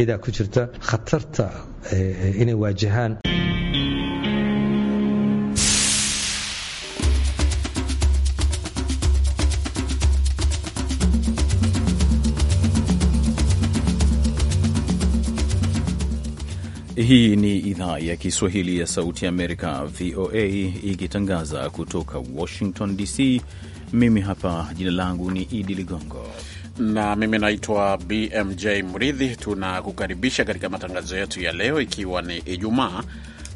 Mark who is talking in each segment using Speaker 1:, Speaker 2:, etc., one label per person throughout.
Speaker 1: ida ku jirta khatarta inay waajahaan
Speaker 2: Hii ni idhaa ya Kiswahili ya Sauti Amerika, VOA, ikitangaza kutoka Washington DC. Mimi hapa jina langu ni Idi Ligongo na mimi naitwa BMJ
Speaker 3: Mridhi. Tunakukaribisha katika matangazo yetu ya leo, ikiwa ni Ijumaa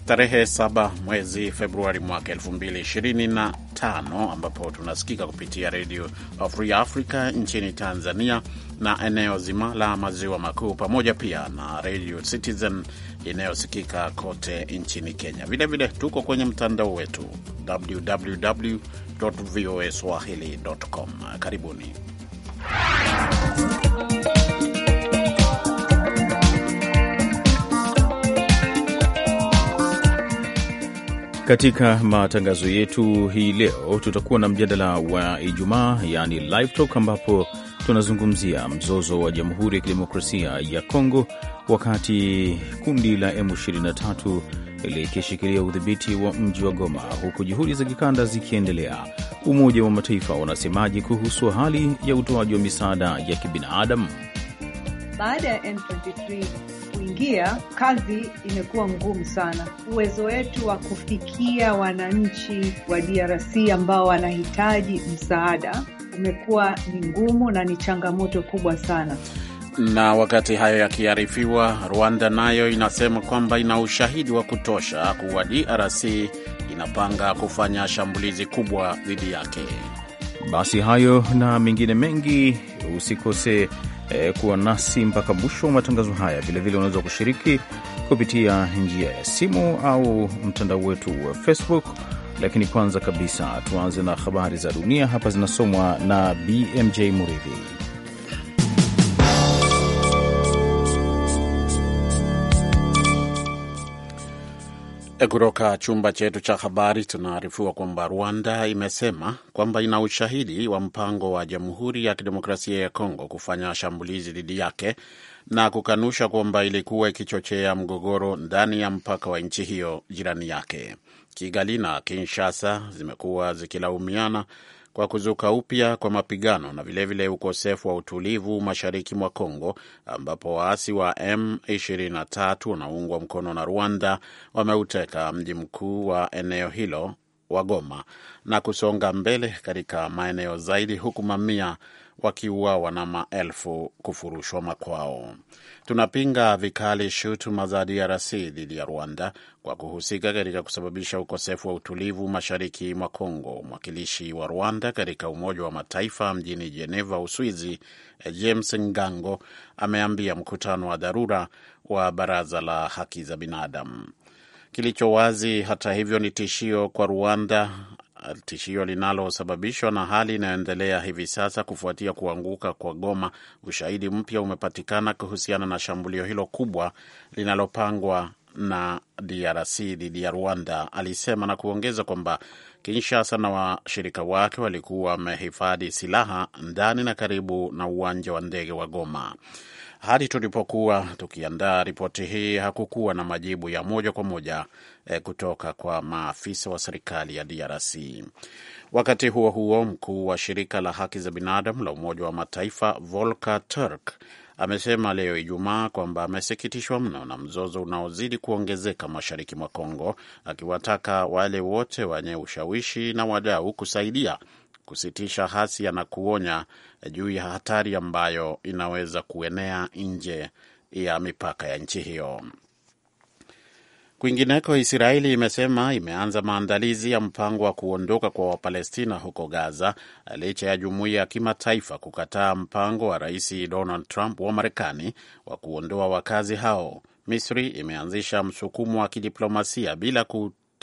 Speaker 3: tarehe 7 mwezi Februari mwaka 2025, ambapo tunasikika kupitia redio Free Africa nchini Tanzania na eneo zima la maziwa makuu, pamoja pia na redio Citizen inayosikika kote nchini Kenya. Vilevile vile, tuko kwenye mtandao wetu www voa swahili.com. Karibuni.
Speaker 2: Katika matangazo yetu hii leo tutakuwa na mjadala wa Ijumaa, yani live talk, ambapo tunazungumzia mzozo wa Jamhuri ya Kidemokrasia ya Kongo, wakati kundi la M23 likishikilia udhibiti wa mji wa Goma, huku juhudi za kikanda zikiendelea. Umoja wa Mataifa wanasemaji kuhusu hali ya utoaji wa misaada ya kibinadamu
Speaker 4: baada ya M23 kuingia? Kazi imekuwa ngumu sana. Uwezo wetu wa kufikia wananchi wa DRC ambao wanahitaji msaada umekuwa ni ngumu na ni changamoto kubwa sana.
Speaker 3: Na wakati hayo yakiarifiwa, Rwanda nayo inasema kwamba ina ushahidi wa kutosha kuwa DRC inapanga kufanya shambulizi kubwa dhidi yake.
Speaker 2: Basi hayo na mengine mengi usikose eh, kuwa nasi mpaka mwisho wa matangazo haya. Vilevile unaweza kushiriki kupitia njia ya simu au mtandao wetu wa Facebook. Lakini kwanza kabisa tuanze na habari za dunia, hapa zinasomwa na BMJ Muridhi.
Speaker 3: Eh, kutoka chumba chetu cha habari tunaarifiwa kwamba Rwanda imesema kwamba ina ushahidi wa mpango wa Jamhuri ya Kidemokrasia ya Kongo kufanya shambulizi dhidi yake na kukanusha kwamba ilikuwa ikichochea mgogoro ndani ya mpaka wa nchi hiyo jirani yake. Kigali na Kinshasa zimekuwa zikilaumiana kwa kuzuka upya kwa mapigano na vilevile vile ukosefu wa utulivu mashariki mwa congo ambapo waasi wa M23 wanaoungwa mkono na Rwanda wameuteka mji mkuu wa eneo hilo wa Goma na kusonga mbele katika maeneo zaidi, huku mamia wakiuawa na maelfu kufurushwa makwao tunapinga vikali shutuma za DRC dhidi ya Rwanda kwa kuhusika katika kusababisha ukosefu wa utulivu mashariki mwa congo Mwakilishi wa Rwanda katika Umoja wa Mataifa mjini Jeneva, Uswizi, James Ngango ameambia mkutano wa dharura wa Baraza la Haki za Binadamu Kilicho wazi hata hivyo, ni tishio kwa Rwanda tishio linalosababishwa na hali inayoendelea hivi sasa kufuatia kuanguka kwa Goma. Ushahidi mpya umepatikana kuhusiana na shambulio hilo kubwa linalopangwa na DRC dhidi ya Rwanda, alisema na kuongeza kwamba Kinshasa na washirika wake walikuwa wamehifadhi silaha ndani na karibu na uwanja wa ndege wa Goma. Hadi tulipokuwa tukiandaa ripoti hii hakukuwa na majibu ya moja kwa moja e, kutoka kwa maafisa wa serikali ya DRC. Wakati huo huo, mkuu wa shirika la haki za binadamu la Umoja wa Mataifa Volker Turk amesema leo Ijumaa kwamba amesikitishwa mno na mzozo unaozidi kuongezeka mashariki mwa Kongo, akiwataka wale wote wenye ushawishi na wadau kusaidia kusitisha hasia na kuonya juu ya hatari ambayo inaweza kuenea nje ya mipaka ya nchi hiyo. Kwingineko, Israeli imesema imeanza maandalizi ya mpango wa kuondoka kwa Wapalestina huko Gaza licha ya jumuiya ya kimataifa kukataa mpango wa Rais Donald Trump wa Marekani wa kuondoa wakazi hao. Misri imeanzisha msukumo wa kidiplomasia bila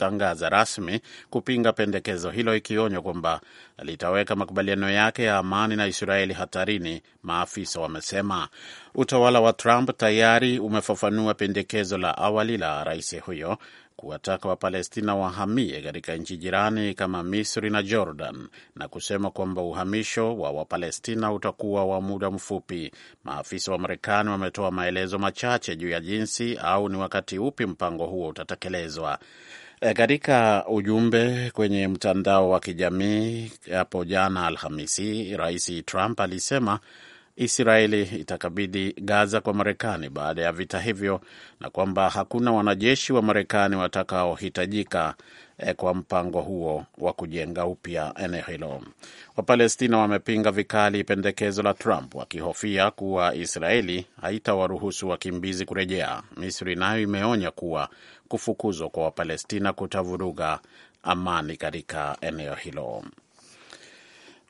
Speaker 3: kutangaza rasmi kupinga pendekezo hilo, ikionywa kwamba litaweka makubaliano yake ya amani na Israeli hatarini, maafisa wamesema. Utawala wa Trump tayari umefafanua pendekezo la awali la rais huyo kuwataka Wapalestina wahamie katika nchi jirani kama Misri na Jordan na kusema kwamba uhamisho wa Wapalestina utakuwa wa muda mfupi. Maafisa wa Marekani wametoa maelezo machache juu ya jinsi au ni wakati upi mpango huo utatekelezwa. Eh, katika ujumbe kwenye mtandao wa kijamii hapo jana Alhamisi, Rais Trump alisema Israeli itakabidhi Gaza kwa Marekani baada ya vita hivyo na kwamba hakuna wanajeshi wa Marekani watakaohitajika eh, kwa mpango huo wa kujenga upya eneo hilo. Wapalestina wamepinga vikali pendekezo la Trump wakihofia kuwa Israeli haitawaruhusu wakimbizi kurejea. Misri nayo imeonya kuwa kufukuzwa kwa Wapalestina kutavuruga amani katika eneo hilo.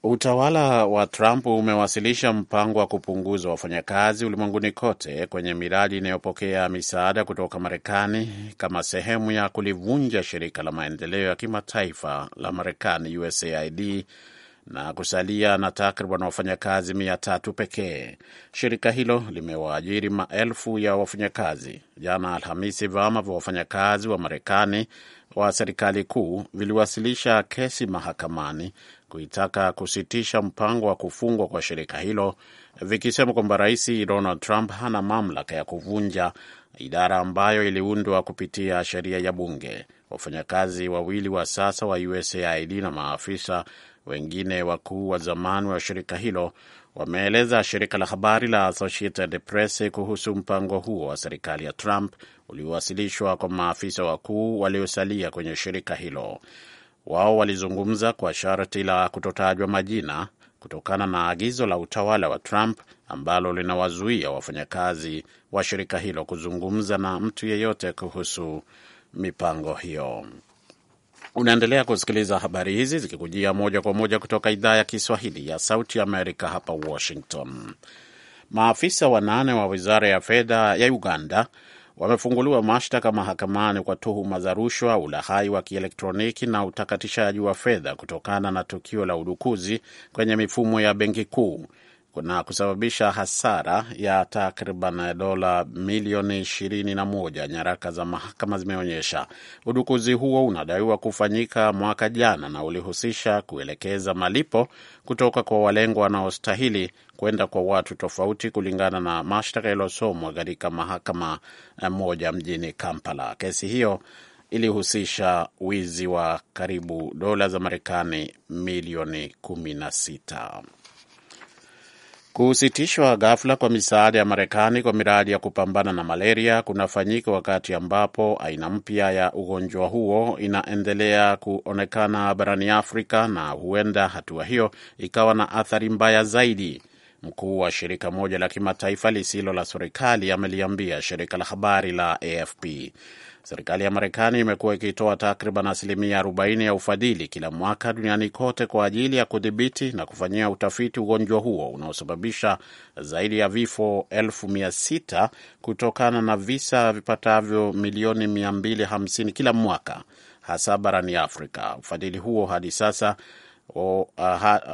Speaker 3: Utawala wa Trump umewasilisha mpango wa kupunguza wafanyakazi ulimwenguni kote kwenye miradi inayopokea misaada kutoka Marekani kama sehemu ya kulivunja shirika la maendeleo ya kimataifa la Marekani, USAID, na kusalia na takriban wafanyakazi mia tatu pekee. Shirika hilo limewaajiri maelfu ya wafanyakazi. Jana Alhamisi, vyama vya wafanyakazi wa Marekani wa serikali kuu viliwasilisha kesi mahakamani kuitaka kusitisha mpango wa kufungwa kwa shirika hilo, vikisema kwamba Rais Donald Trump hana mamlaka ya kuvunja idara ambayo iliundwa kupitia sheria ya bunge. Wafanyakazi wawili wa sasa wa USAID na maafisa wengine wakuu wa zamani wa shirika hilo wameeleza shirika la habari la Associated Press kuhusu mpango huo wa serikali ya Trump uliowasilishwa kwa maafisa wakuu waliosalia kwenye shirika hilo. Wao walizungumza kwa sharti la kutotajwa majina kutokana na agizo la utawala wa Trump ambalo linawazuia wafanyakazi wa shirika hilo kuzungumza na mtu yeyote kuhusu mipango hiyo. Unaendelea kusikiliza habari hizi zikikujia moja kwa moja kutoka idhaa ya Kiswahili ya Sauti Amerika hapa Washington. Maafisa wanane wa wizara ya fedha ya Uganda wamefunguliwa mashtaka mahakamani kwa tuhuma za rushwa, ulahai wa kielektroniki na utakatishaji wa fedha kutokana na tukio la udukuzi kwenye mifumo ya benki kuu na kusababisha hasara ya takriban dola milioni ishirini na moja, nyaraka za mahakama zimeonyesha. Udukuzi huo unadaiwa kufanyika mwaka jana na ulihusisha kuelekeza malipo kutoka kwa walengwa wanaostahili kwenda kwa watu tofauti, kulingana na mashtaka yaliyosomwa katika mahakama moja mjini Kampala. Kesi hiyo ilihusisha wizi wa karibu dola za Marekani milioni sita. Kusitishwa ghafla kwa misaada ya Marekani kwa miradi ya kupambana na malaria kunafanyika wakati ambapo aina mpya ya ugonjwa huo inaendelea kuonekana barani Afrika, na huenda hatua hiyo ikawa na athari mbaya zaidi. Mkuu wa shirika moja la kimataifa lisilo la serikali ameliambia shirika la habari la AFP. Serikali ya Marekani imekuwa ikitoa takriban asilimia 40 ya ufadhili kila mwaka duniani kote kwa ajili ya kudhibiti na kufanyia utafiti ugonjwa huo unaosababisha zaidi ya vifo elfu mia sita kutokana na visa vipatavyo milioni 250 kila mwaka hasa barani Afrika. Ufadhili huo hadi sasa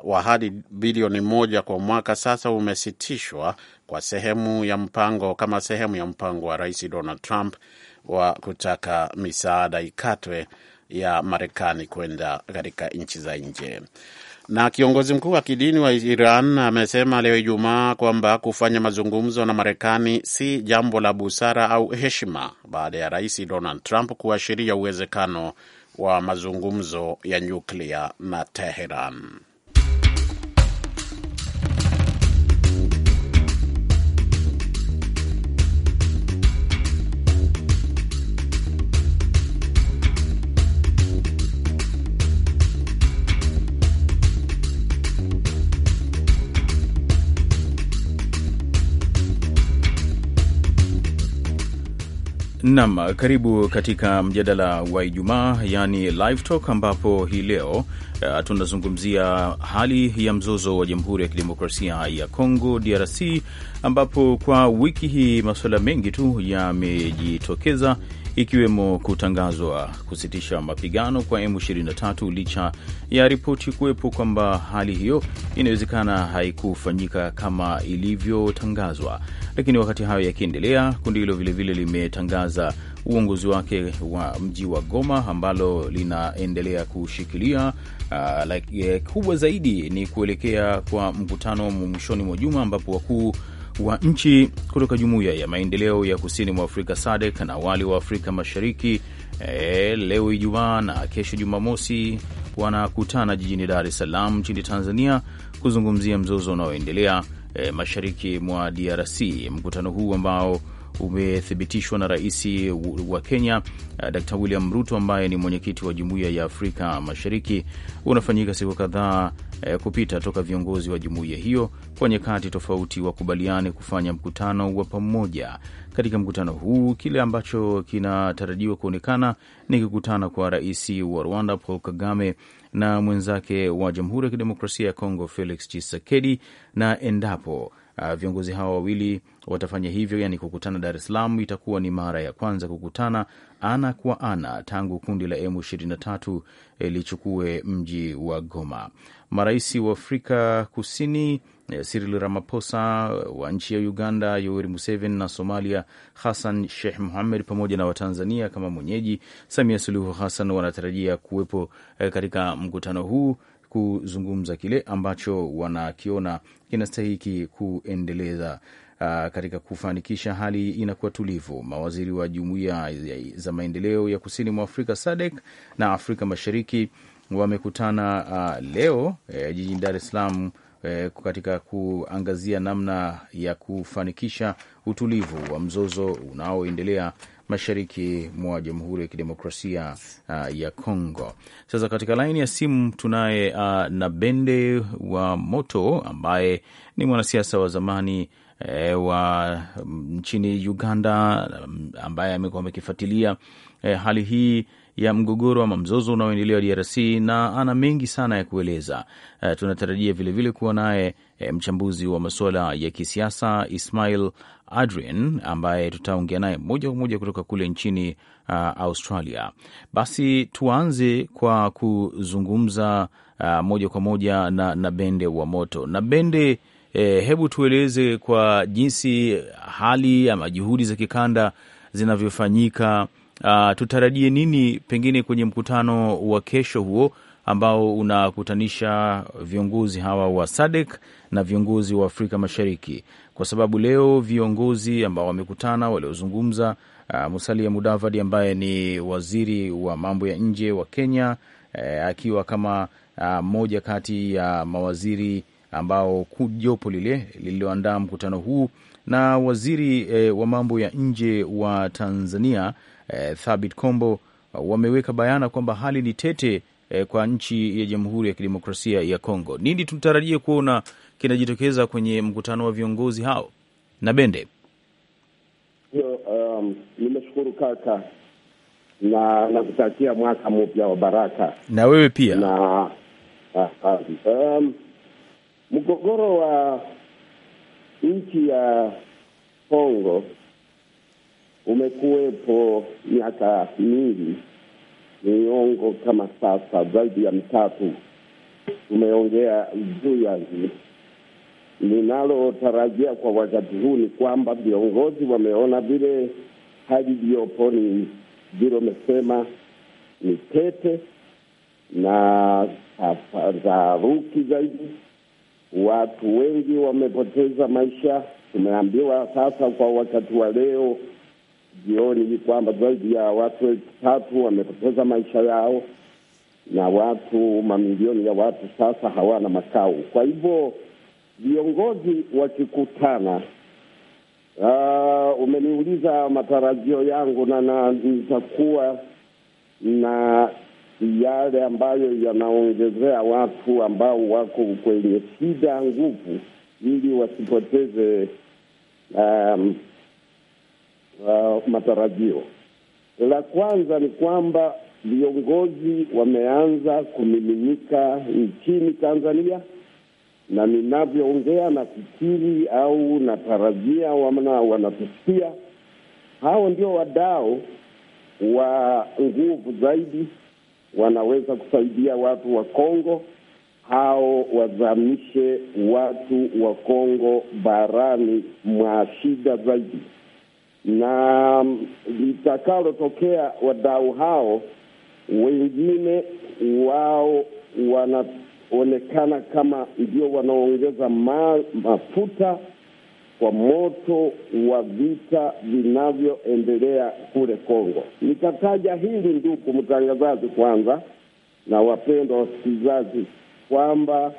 Speaker 3: wa hadi bilioni moja kwa mwaka sasa umesitishwa kwa sehemu ya mpango kama sehemu ya mpango wa Rais Donald Trump wa kutaka misaada ikatwe ya Marekani kwenda katika nchi za nje. Na kiongozi mkuu wa kidini wa Iran amesema leo Ijumaa kwamba kufanya mazungumzo na Marekani si jambo la busara au heshima baada ya Rais Donald Trump kuashiria uwezekano wa mazungumzo ya nyuklia na Teheran.
Speaker 2: Nam, karibu katika mjadala wa Ijumaa yani live talk, ambapo hii leo uh, tunazungumzia hali ya mzozo wa Jamhuri ya Kidemokrasia ya Kongo DRC, ambapo kwa wiki hii masuala mengi tu yamejitokeza ikiwemo kutangazwa kusitisha mapigano kwa M23 licha ya ripoti kuwepo kwamba hali hiyo inawezekana haikufanyika kama ilivyotangazwa. Lakini wakati hayo yakiendelea, kundi hilo vilevile limetangaza uongozi wake wa mji wa Goma ambalo linaendelea kushikilia uh, like, eh, kubwa zaidi ni kuelekea kwa mkutano mwishoni mwa juma ambapo wakuu wa nchi kutoka jumuiya ya maendeleo ya kusini mwa Afrika SADC na wale wa Afrika Mashariki eh, leo Ijumaa na kesho Jumamosi wanakutana jijini Dar es Salaam nchini Tanzania kuzungumzia mzozo unaoendelea e, mashariki mwa DRC. Mkutano huu ambao umethibitishwa na rais wa Kenya eh, Dr William Ruto ambaye ni mwenyekiti wa jumuiya ya Afrika Mashariki unafanyika siku kadhaa e, kupita toka viongozi wa jumuiya hiyo kwa nyakati tofauti wakubaliane kufanya mkutano wa pamoja. Katika mkutano huu kile ambacho kinatarajiwa kuonekana ni kukutana kwa rais wa Rwanda Paul Kagame na mwenzake wa Jamhuri ya Kidemokrasia ya Kongo Felix Tshisekedi, na endapo uh, viongozi hawa wawili watafanya hivyo, yani kukutana Dar es Salaam, itakuwa ni mara ya kwanza kukutana ana kwa ana tangu kundi la M23 eh, lichukue mji wa Goma. Marais wa Afrika Kusini Eh, Cyril Ramaphosa eh, wa nchi ya Uganda, Yoweri Museveni na Somalia, Hassan Sheikh Mohamed pamoja na Watanzania kama mwenyeji Samia Suluhu Hassan wanatarajia kuwepo eh, katika mkutano huu kuzungumza kile ambacho wanakiona kinastahiki kuendeleza Uh, katika kufanikisha hali inakuwa tulivu. Mawaziri wa jumuiya za maendeleo ya kusini mwa Afrika SADC na Afrika Mashariki wamekutana uh, leo eh, jijini Dar es Salaam eh, katika kuangazia namna ya kufanikisha utulivu wa mzozo unaoendelea mashariki mwa Jamhuri ya Kidemokrasia uh, ya congo Sasa katika laini ya simu tunaye uh, Nabende wa Moto ambaye ni mwanasiasa wa zamani eh, wa mm, nchini Uganda ambaye amekuwa amekifuatilia eh, hali hii ya mgogoro ama mzozo unaoendelea DRC na ana mengi sana ya kueleza. E, tunatarajia vilevile kuwa naye e, mchambuzi wa masuala ya kisiasa Ismail Adrian ambaye tutaongea naye moja kwa moja kutoka kule nchini uh, Australia. Basi tuanze kwa kuzungumza uh, moja kwa moja na, na Bende wa Moto na Bende. E, hebu tueleze kwa jinsi hali ama juhudi za kikanda zinavyofanyika Uh, tutarajie nini pengine kwenye mkutano wa kesho huo ambao unakutanisha viongozi hawa wa SADC na viongozi wa Afrika Mashariki, kwa sababu leo viongozi ambao wamekutana waliozungumza, uh, Musalia Mudavadi ambaye ni waziri wa mambo ya nje wa Kenya, eh, akiwa kama ah, mmoja uh, kati ya uh, mawaziri ambao jopo lile lililoandaa mkutano huu na waziri eh, wa mambo ya nje wa Tanzania eh, Thabit Kombo uh, wameweka bayana kwamba hali ni tete eh, kwa nchi ya Jamhuri ya Kidemokrasia ya Kongo. Nini tutarajie kuona kinajitokeza kwenye mkutano wa viongozi hao na Bende?
Speaker 5: Um, nimeshukuru kaka na nakutakia mwaka mpya wa baraka
Speaker 2: na wewe pia na ah,
Speaker 5: um, mgogoro wa nchi ya Kongo umekuwepo miaka mingi, miongo kama sasa zaidi ya mitatu, tumeongea juu ya hili. Ninalotarajia kwa wakati huu ni kwamba viongozi wameona vile hali iliyopo ni vile umesema ni tete na taharuki zaidi. Watu wengi wamepoteza maisha. Tumeambiwa sasa kwa wakati wa leo jioni ni kwamba zaidi ya watu elfu tatu wamepoteza maisha yao na watu mamilioni ya watu sasa hawana makao. Kwa hivyo viongozi wakikutana, uh, umeniuliza matarajio yangu, na nitakuwa na yale ambayo yanaongezea watu ambao wako kwenye shida nguvu, ili wasipoteze um, uh, matarajio. La kwanza ni kwamba viongozi wameanza kumiminika nchini Tanzania, na ninavyoongea na nafikiri au natarajia wana wanatusikia. Hao ndio wadau wa nguvu zaidi, wanaweza kusaidia watu wa Kongo hao wazamishe watu wa Kongo barani mwa shida zaidi na mm, litakalotokea, wadau hao wengine wao wanaonekana kama ndio wanaongeza ma, mafuta kwa moto wa vita vinavyoendelea kule Kongo. Nikataja hili ndugu mtangazaji, kwanza
Speaker 4: na wapendwa
Speaker 5: wasikilizaji, kwamba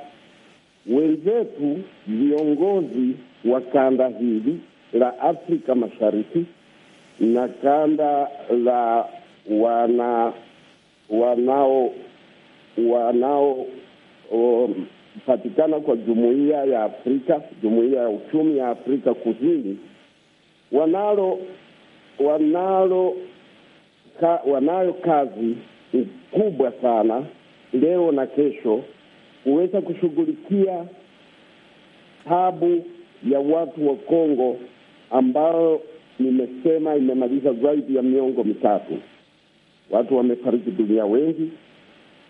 Speaker 5: wenzetu viongozi wa kanda hili la Afrika Mashariki na kanda la wana wanao wanaopatikana um, kwa jumuiya ya Afrika, jumuiya ya uchumi ya Afrika Kusini wanalo wanalo ka, wanayo kazi kubwa sana leo na kesho kuweza kushughulikia tabu ya watu wa Kongo ambayo nimesema imemaliza zaidi ya miongo mitatu. Watu wamefariki dunia wengi,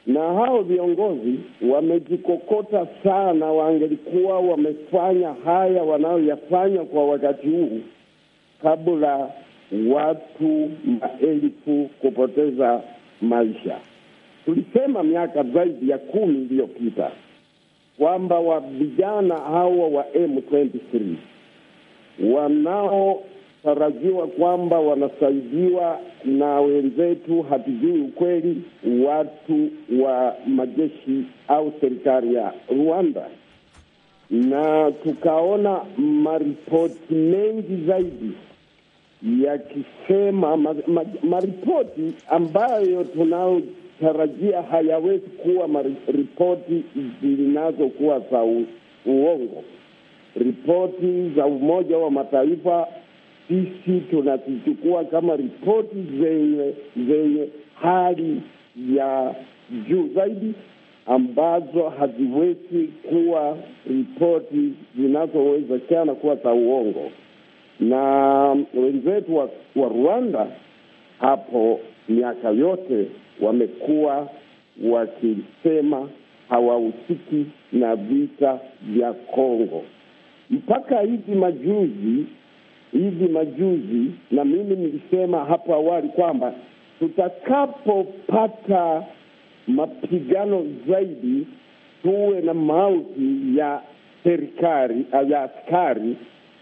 Speaker 5: na hao viongozi wamejikokota sana. Wangelikuwa wamefanya haya wanayoyafanya kwa wakati huu kabla watu maelfu kupoteza maisha. Tulisema miaka zaidi ya kumi iliyopita kwamba wa vijana hawa wa M23 wanaotarajiwa kwamba wanasaidiwa na wenzetu, hatujui ukweli, watu wa majeshi au serikali ya Rwanda, na tukaona maripoti mengi zaidi yakisema maripoti ma, ma ambayo tunaotarajia hayawezi kuwa maripoti zinazokuwa za uongo ripoti za Umoja wa Mataifa sisi tunazichukua kama ripoti zenye zenye hali ya juu zaidi ambazo haziwezi kuwa ripoti zinazowezekana kuwa za uongo. Na wenzetu wa, wa Rwanda hapo miaka yote wamekuwa wakisema hawahusiki na vita vya Kongo mpaka hivi majuzi, hivi majuzi, na mimi nilisema hapo awali kwamba tutakapopata mapigano zaidi, tuwe na mauti ya serikali ah, ya askari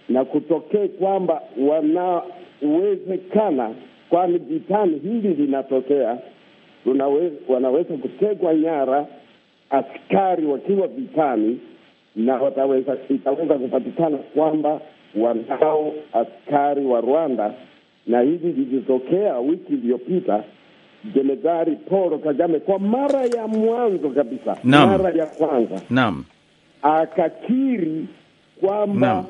Speaker 5: na kutokee kwamba wanawezekana, kwani vitani hili linatokea, wanaweza kutegwa nyara askari wakiwa vitani na wataweza, itaweza kupatikana kwamba wanao askari wa Rwanda, na hivi vilitokea wiki iliyopita Jenerali Paul Kagame kwa mara ya mwanzo kabisa Nam. mara ya kwanza Nam. akakiri kwamba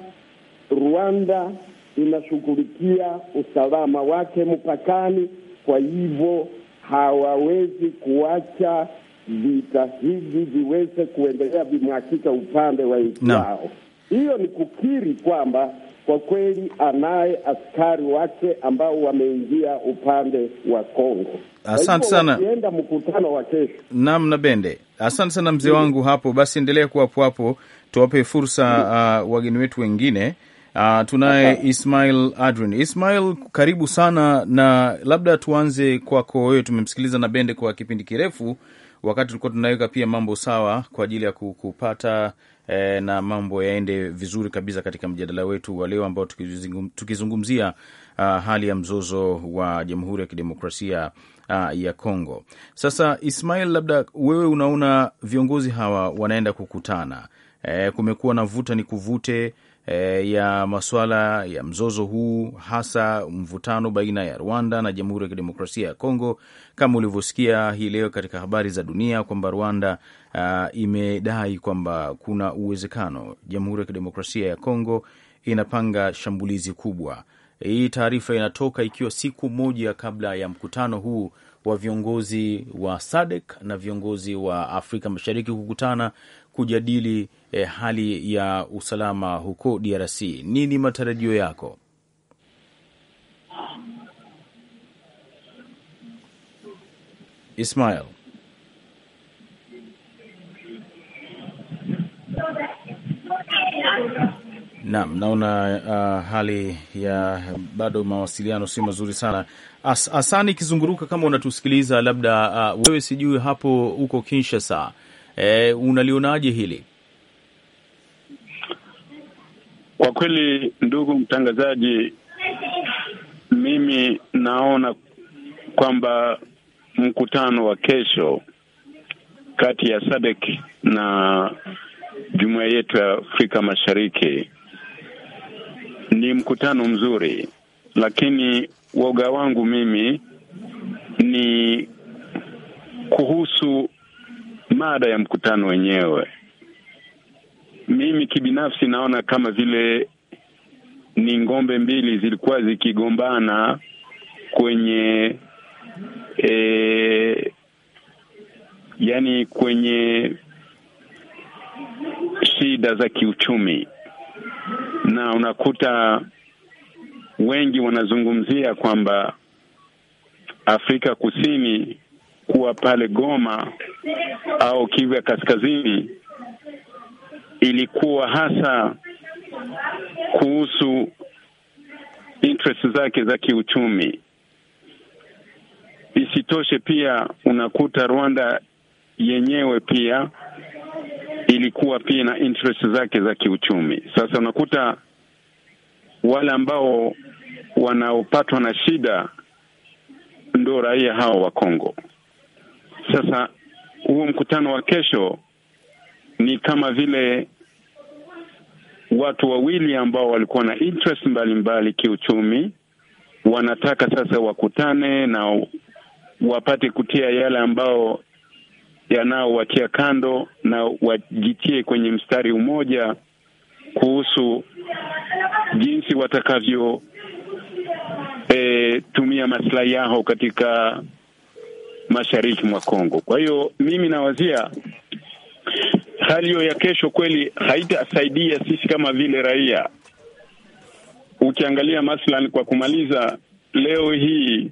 Speaker 5: Rwanda inashughulikia usalama wake mpakani, kwa hivyo hawawezi kuacha vita hivi viweze kuendelea vimwakika upande wa nchi yao. Hiyo ni kukiri kwamba kwa kweli anaye askari wake ambao wameingia upande wa Kongo. Asante sana, enda mkutano wa kesho.
Speaker 2: nam na Bende, asante sana mzee mm. wangu hapo. Basi endelea kuwapo hapo tuwape fursa mm. uh, wageni wetu wengine uh, tunaye Ismail Adrin. Ismail, karibu sana, na labda tuanze kwako wewe. Tumemsikiliza na Bende kwa kipindi kirefu wakati tulikuwa tunaweka pia mambo sawa kwa ajili ya kupata e, na mambo yaende vizuri kabisa katika mjadala wetu wa leo ambao tukizungumzia uh, hali ya mzozo wa Jamhuri ya Kidemokrasia uh, ya Kongo. Sasa Ismail, labda wewe unaona viongozi hawa wanaenda kukutana, e, kumekuwa na vuta ni kuvute e, ya masuala ya mzozo huu, hasa mvutano baina ya Rwanda na Jamhuri ya Kidemokrasia ya Kongo. Kama ulivyosikia hii leo katika habari za dunia kwamba Rwanda uh, imedai kwamba kuna uwezekano Jamhuri ya Kidemokrasia ya Kongo inapanga shambulizi kubwa. Hii taarifa inatoka ikiwa siku moja kabla ya mkutano huu wa viongozi wa SADC na viongozi wa Afrika Mashariki kukutana kujadili e, hali ya usalama huko DRC, nini matarajio yako? Ismail Naam, naona uh, hali ya bado mawasiliano si mazuri sana. As, Asani Kizunguruka, kama unatusikiliza labda, uh, wewe sijui hapo uko Kinshasa, eh, unalionaje hili?
Speaker 6: Kwa kweli, ndugu mtangazaji, mimi naona kwamba mkutano wa kesho kati ya SADC na jumuiya yetu ya Afrika Mashariki ni mkutano mzuri, lakini woga wangu mimi ni kuhusu mada ya mkutano wenyewe. Mimi kibinafsi naona kama vile ni ng'ombe mbili zilikuwa zikigombana kwenye e, yani kwenye shida za kiuchumi, na unakuta wengi wanazungumzia kwamba Afrika Kusini kuwa pale Goma au Kivu ya Kaskazini ilikuwa hasa kuhusu interest zake za kiuchumi. Isitoshe, pia unakuta Rwanda yenyewe pia ilikuwa pia na interest zake za kiuchumi. Sasa unakuta wale ambao wanaopatwa na shida ndo raia hao wa Kongo. Sasa huo mkutano wa kesho ni kama vile watu wawili ambao walikuwa na interest mbalimbali kiuchumi wanataka sasa wakutane na wapate kutia yale ambao yanaowatia kando na wajitie kwenye mstari mmoja kuhusu jinsi watakavyo e, tumia maslahi yao katika mashariki mwa Kongo. Kwa hiyo mimi nawazia hali hiyo ya kesho kweli haitasaidia sisi kama vile raia. Ukiangalia mathalan, kwa kumaliza leo hii,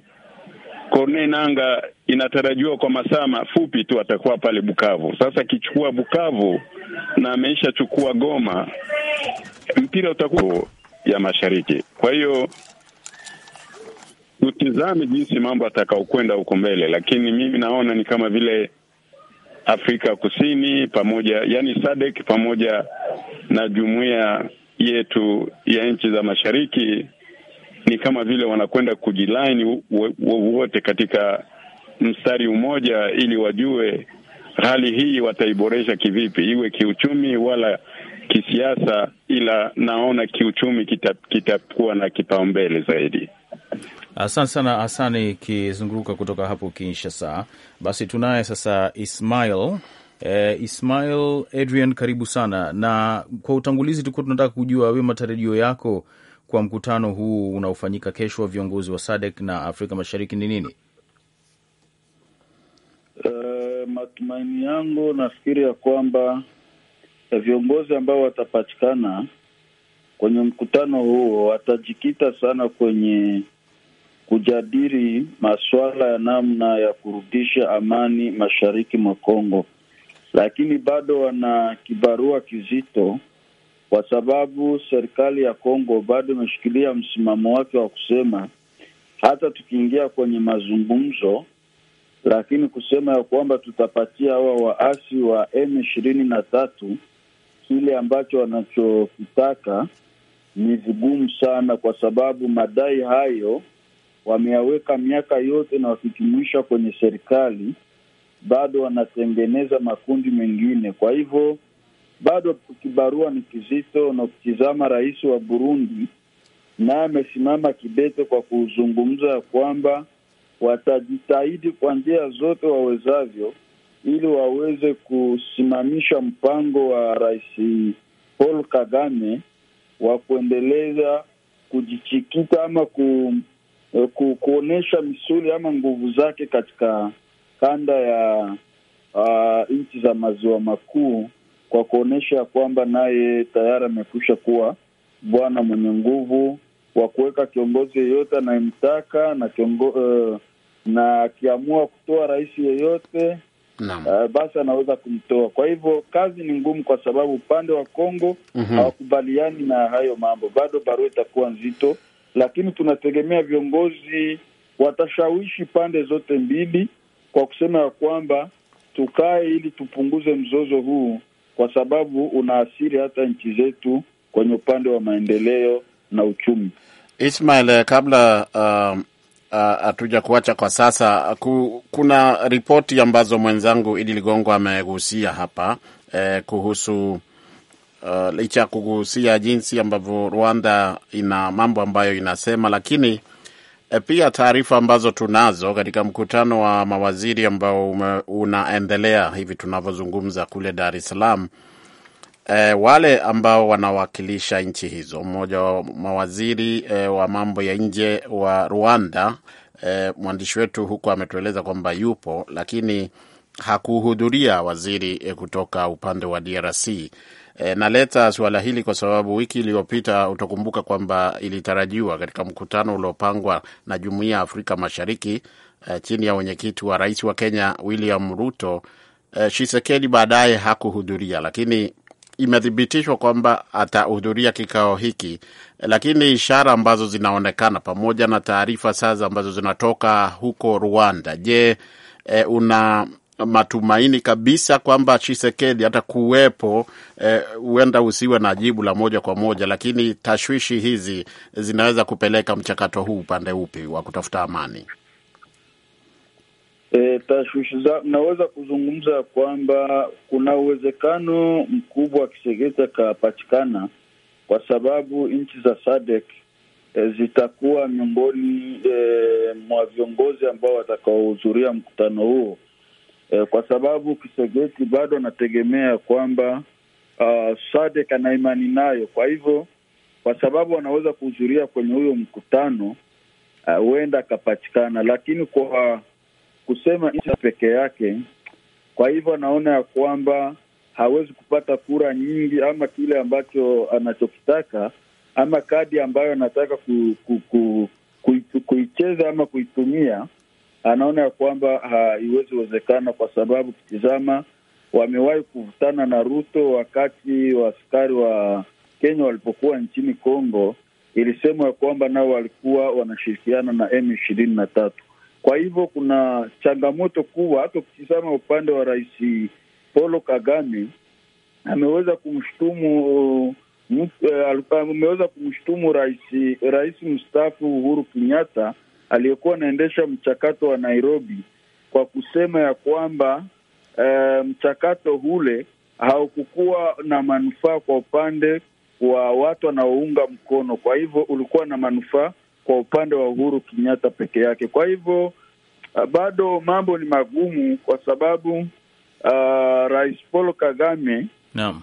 Speaker 6: Corneille nanga inatarajiwa kwa masaa mafupi tu atakuwa pale Bukavu. Sasa akichukua Bukavu na ameishachukua Goma, mpira utakuwa ya mashariki. Kwa hiyo tutizame jinsi mambo atakaokwenda huko mbele, lakini mimi naona ni kama vile Afrika Kusini pamoja, yani SADC pamoja na jumuiya yetu ya nchi za mashariki ni kama vile wanakwenda kujilaini wote katika mstari mmoja, ili wajue hali hii wataiboresha kivipi, iwe kiuchumi wala kisiasa, ila naona kiuchumi kitakuwa kita na kipaumbele zaidi.
Speaker 2: Asante sana hasani ikizunguruka kutoka hapo Kinshasa. Basi tunaye sasa Ismail. Eh, Ismail Adrian, karibu sana. Na kwa utangulizi, tulikuwa tunataka kujua we matarajio yako kwa mkutano huu unaofanyika kesho wa viongozi wa SADC na Afrika Mashariki ni nini?
Speaker 7: Uh, matumaini yangu nafikiri ya kwamba eh, viongozi ambao watapatikana kwenye mkutano huo watajikita sana kwenye kujadili masuala ya namna ya kurudisha amani mashariki mwa Kongo, lakini bado wana kibarua kizito, kwa sababu serikali ya Kongo bado imeshikilia msimamo wake wa kusema hata tukiingia kwenye mazungumzo, lakini kusema ya kwamba tutapatia hawa waasi wa M ishirini na tatu kile ambacho wanachokitaka ni vigumu sana, kwa sababu madai hayo wameyaweka miaka yote na wakijumuisha kwenye serikali, bado wanatengeneza makundi mengine. Kwa hivyo bado kibarua ni kizito, na ukitizama rais wa Burundi naye amesimama kidete kwa kuzungumza ya kwamba watajitahidi kwa njia zote wawezavyo ili waweze kusimamisha mpango wa rais Paul Kagame wa kuendeleza kujichikita ama Eh, ku, kuonyesha misuli ama nguvu zake katika kanda ya uh, nchi za maziwa makuu kwa kuonyesha kwamba naye tayari amekwisha kuwa bwana mwenye nguvu wa kuweka kiongozi yeyote anayemtaka na kiongo, uh, na akiamua kutoa rais yeyote uh, basi anaweza kumtoa. Kwa hivyo kazi ni ngumu, kwa sababu upande wa Kongo mhm. hawakubaliani mm -hmm. na hayo mambo, bado barua itakuwa nzito lakini tunategemea viongozi watashawishi pande zote mbili kwa kusema ya kwamba tukae ili tupunguze mzozo huu, kwa sababu unaathiri hata nchi zetu kwenye upande wa maendeleo
Speaker 3: na uchumi. Ismail, eh, kabla um, hatuja uh, uh, kuacha kwa sasa ku, kuna ripoti ambazo mwenzangu Idi Ligongo amegusia hapa eh, kuhusu Eh, licha ya kugusia jinsi ambavyo Rwanda ina mambo ambayo inasema, lakini e, pia taarifa ambazo tunazo katika mkutano wa mawaziri ambao unaendelea hivi tunavyozungumza kule Dar es Salaam. E, wale ambao wanawakilisha nchi hizo, mmoja wa mawaziri e, wa mambo ya nje wa Rwanda e, mwandishi wetu huko ametueleza kwamba yupo, lakini hakuhudhuria waziri kutoka upande wa DRC. E, naleta suala hili kwa sababu wiki iliyopita utakumbuka kwamba ilitarajiwa katika mkutano uliopangwa na Jumuiya ya Afrika Mashariki e, chini ya mwenyekiti wa rais wa Kenya William Ruto e, eh, Shisekedi baadaye hakuhudhuria, lakini imethibitishwa kwamba atahudhuria kikao hiki, lakini ishara ambazo zinaonekana pamoja na taarifa sasa ambazo zinatoka huko Rwanda, je, e, una matumaini kabisa kwamba Chisekedi hata kuwepo eh, Huenda eh, usiwe na jibu la moja kwa moja, lakini tashwishi hizi zinaweza kupeleka mchakato huu upande upi wa kutafuta amani?
Speaker 7: E, tashwishi za naweza kuzungumza kwamba kuna uwezekano mkubwa wa Kisegezi akapatikana kwa sababu nchi za SADC e, eh, zitakuwa miongoni e, mwa viongozi ambao watakaohudhuria mkutano huo eh, kwa sababu Kisogeti bado anategemea kwamba uh, Sadek ana imani nayo. Kwa hivyo kwa sababu anaweza kuhudhuria kwenye huyo mkutano ah, huenda uh, akapatikana, lakini kwa kusema nchi peke yake, kwa hivyo anaona ya kwamba hawezi kupata kura nyingi ama kile ambacho anachokitaka ama kadi ambayo anataka ku, ku, ku, ku, kuicheza ama kuitumia anaona ya kwamba haiwezi wezekana, kwa sababu kitizama, wamewahi kuvutana na Ruto wakati askari wa Kenya walipokuwa nchini congo ilisemwa ya kwamba nao walikuwa wanashirikiana na M ishirini na tatu. Kwa hivyo kuna changamoto kubwa. Hata ukitizama upande wa Rais Paulo Kagame ameweza kumshutumu uh, uh, ameweza kumshutumu rais rais mstaafu Uhuru Kenyatta aliyekuwa anaendesha mchakato wa Nairobi kwa kusema ya kwamba e, mchakato ule haukukuwa na manufaa kwa upande wa watu wanaounga mkono, kwa hivyo ulikuwa na manufaa kwa upande wa Uhuru Kenyatta peke yake. Kwa hivyo eh, bado mambo ni magumu kwa sababu uh, Rais Paul Kagame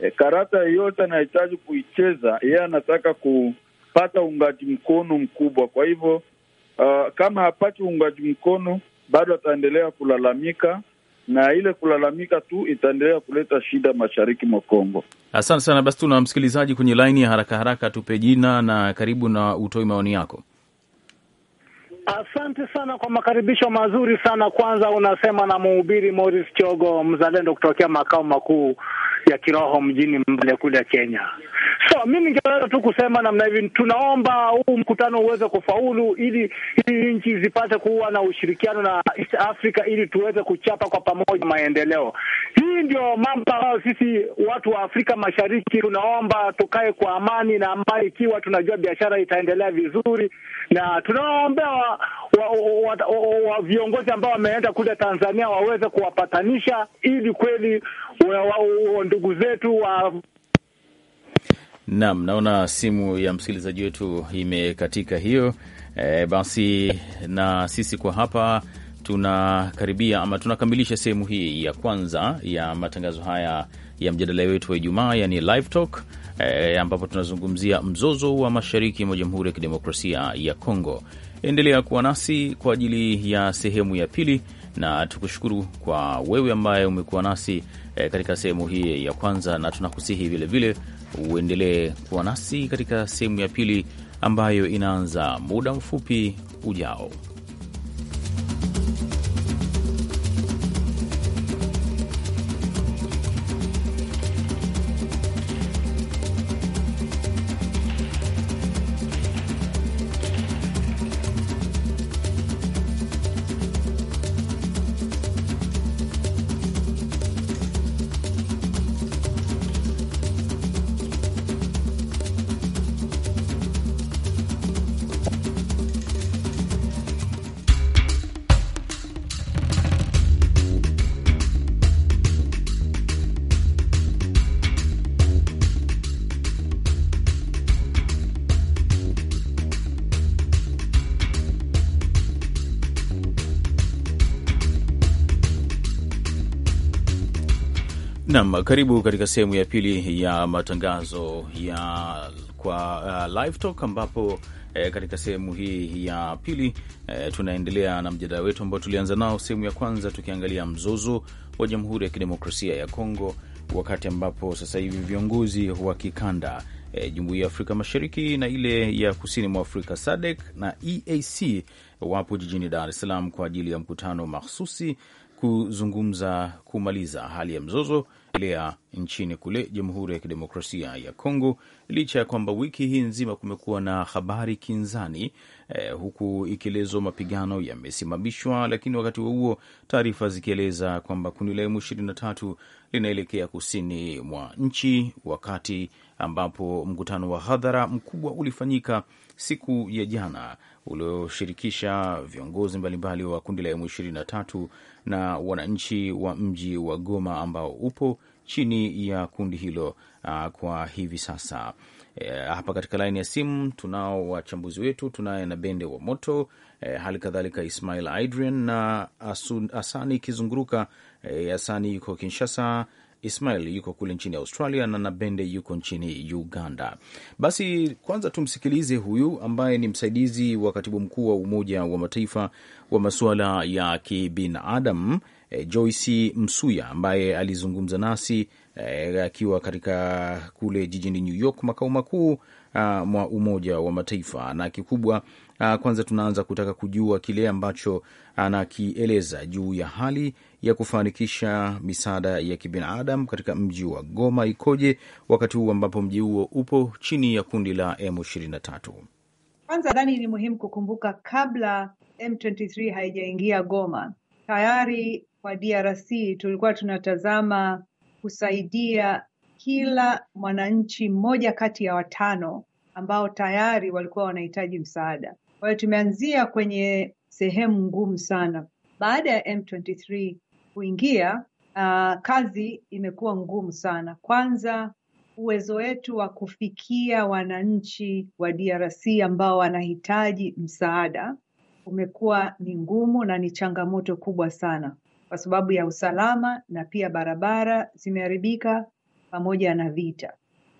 Speaker 7: e, karata yoyote anahitaji kuicheza, yeye anataka kupata uungaji mkono mkubwa. Kwa hivyo uh, kama hapati uungaji mkono bado ataendelea kulalamika na ile kulalamika tu itaendelea kuleta shida mashariki mwa Kongo.
Speaker 2: Asante sana. Basi tuna msikilizaji kwenye laini ya haraka haraka, tupe jina na karibu na utoi maoni yako.
Speaker 1: Asante sana kwa makaribisho mazuri sana. Kwanza unasema na mhubiri moris Chogo, mzalendo kutokea makao makuu ya kiroho mjini Mbale kule Kenya. So mi ningeweza tu kusema namna hivi, tunaomba huu mkutano uweze kufaulu ili hii nchi zipate kuwa na ushirikiano na East Africa ili tuweze kuchapa kwa pamoja maendeleo. Hii ndio mambo ambayo sisi watu wa Afrika Mashariki tunaomba tukae kwa amani na ambayo, ikiwa tunajua biashara itaendelea vizuri, na tunawaombea wa, wa, wa, wa, wa viongozi ambao wameenda kule Tanzania waweze kuwapatanisha ili kweli wa ndugu zetu wa
Speaker 2: Naam, naona simu ya msikilizaji wetu imekatika hiyo. E, basi na sisi kwa hapa tunakaribia ama tunakamilisha sehemu hii ya kwanza ya matangazo haya ya mjadala wetu wa Ijumaa, yani live talk e, ambapo tunazungumzia mzozo wa mashariki mwa Jamhuri ya Kidemokrasia ya Kongo. Endelea kuwa nasi kwa ajili ya sehemu ya pili, na tukushukuru kwa wewe ambaye umekuwa nasi e, katika sehemu hii ya kwanza, na tunakusihi vilevile uendelee kuwa nasi katika sehemu ya pili ambayo inaanza muda mfupi ujao. Nam, karibu katika sehemu ya pili ya matangazo ya kwa uh, live talk ambapo E, katika sehemu hii ya pili e, tunaendelea na mjadala wetu ambao tulianza nao sehemu ya kwanza, tukiangalia mzozo wa Jamhuri ya Kidemokrasia ya Kongo, wakati ambapo sasa hivi viongozi wa kikanda e, Jumuiya ya Afrika Mashariki na ile ya Kusini mwa Afrika SADC na EAC wapo jijini Dar es Salaam kwa ajili ya mkutano mahsusi kuzungumza kumaliza hali ya mzozo kuendelea nchini kule Jamhuri ya Kidemokrasia ya Kongo, licha ya kwamba wiki hii nzima kumekuwa na habari kinzani eh, huku ikielezwa mapigano yamesimamishwa, lakini wakati huo taarifa zikieleza kwamba kundi la M23 linaelekea kusini mwa nchi, wakati ambapo mkutano wa hadhara mkubwa ulifanyika siku ya jana ulioshirikisha viongozi mbalimbali wa kundi la M23 na wananchi wa mji wa Goma ambao upo chini ya kundi hilo uh, kwa hivi sasa. E, hapa katika laini ya simu tunao wachambuzi wetu, tunaye na Bende wa Moto e, hali kadhalika Ismail Adrian na Asun, Asani Kizunguruka e, eh, Asani yuko Kinshasa Ismail yuko kule nchini Australia na Nabende yuko nchini Uganda. Basi kwanza tumsikilize huyu ambaye ni msaidizi wa katibu mkuu wa Umoja wa Mataifa wa masuala ya kibinadamu e, Joyce Msuya ambaye alizungumza nasi e, akiwa katika kule jijini New York, makao makuu ah, mwa Umoja wa Mataifa. Na kikubwa a, ah, kwanza tunaanza kutaka kujua kile ambacho anakieleza juu ya hali ya kufanikisha misaada ya kibinadamu katika mji wa Goma ikoje wakati huu ambapo mji huo upo chini ya kundi la M23.
Speaker 4: Kwanza dhani ni muhimu kukumbuka kabla M23 haijaingia Goma, tayari kwa DRC tulikuwa tunatazama kusaidia kila mwananchi mmoja kati ya watano ambao tayari walikuwa wanahitaji msaada. Kwa hiyo tumeanzia kwenye sehemu ngumu sana. Baada ya M23 kuingia, uh, kazi imekuwa ngumu sana. Kwanza uwezo wetu wa kufikia wananchi wa DRC ambao wanahitaji msaada umekuwa ni ngumu na ni changamoto kubwa sana kwa sababu ya usalama na pia barabara zimeharibika pamoja na vita.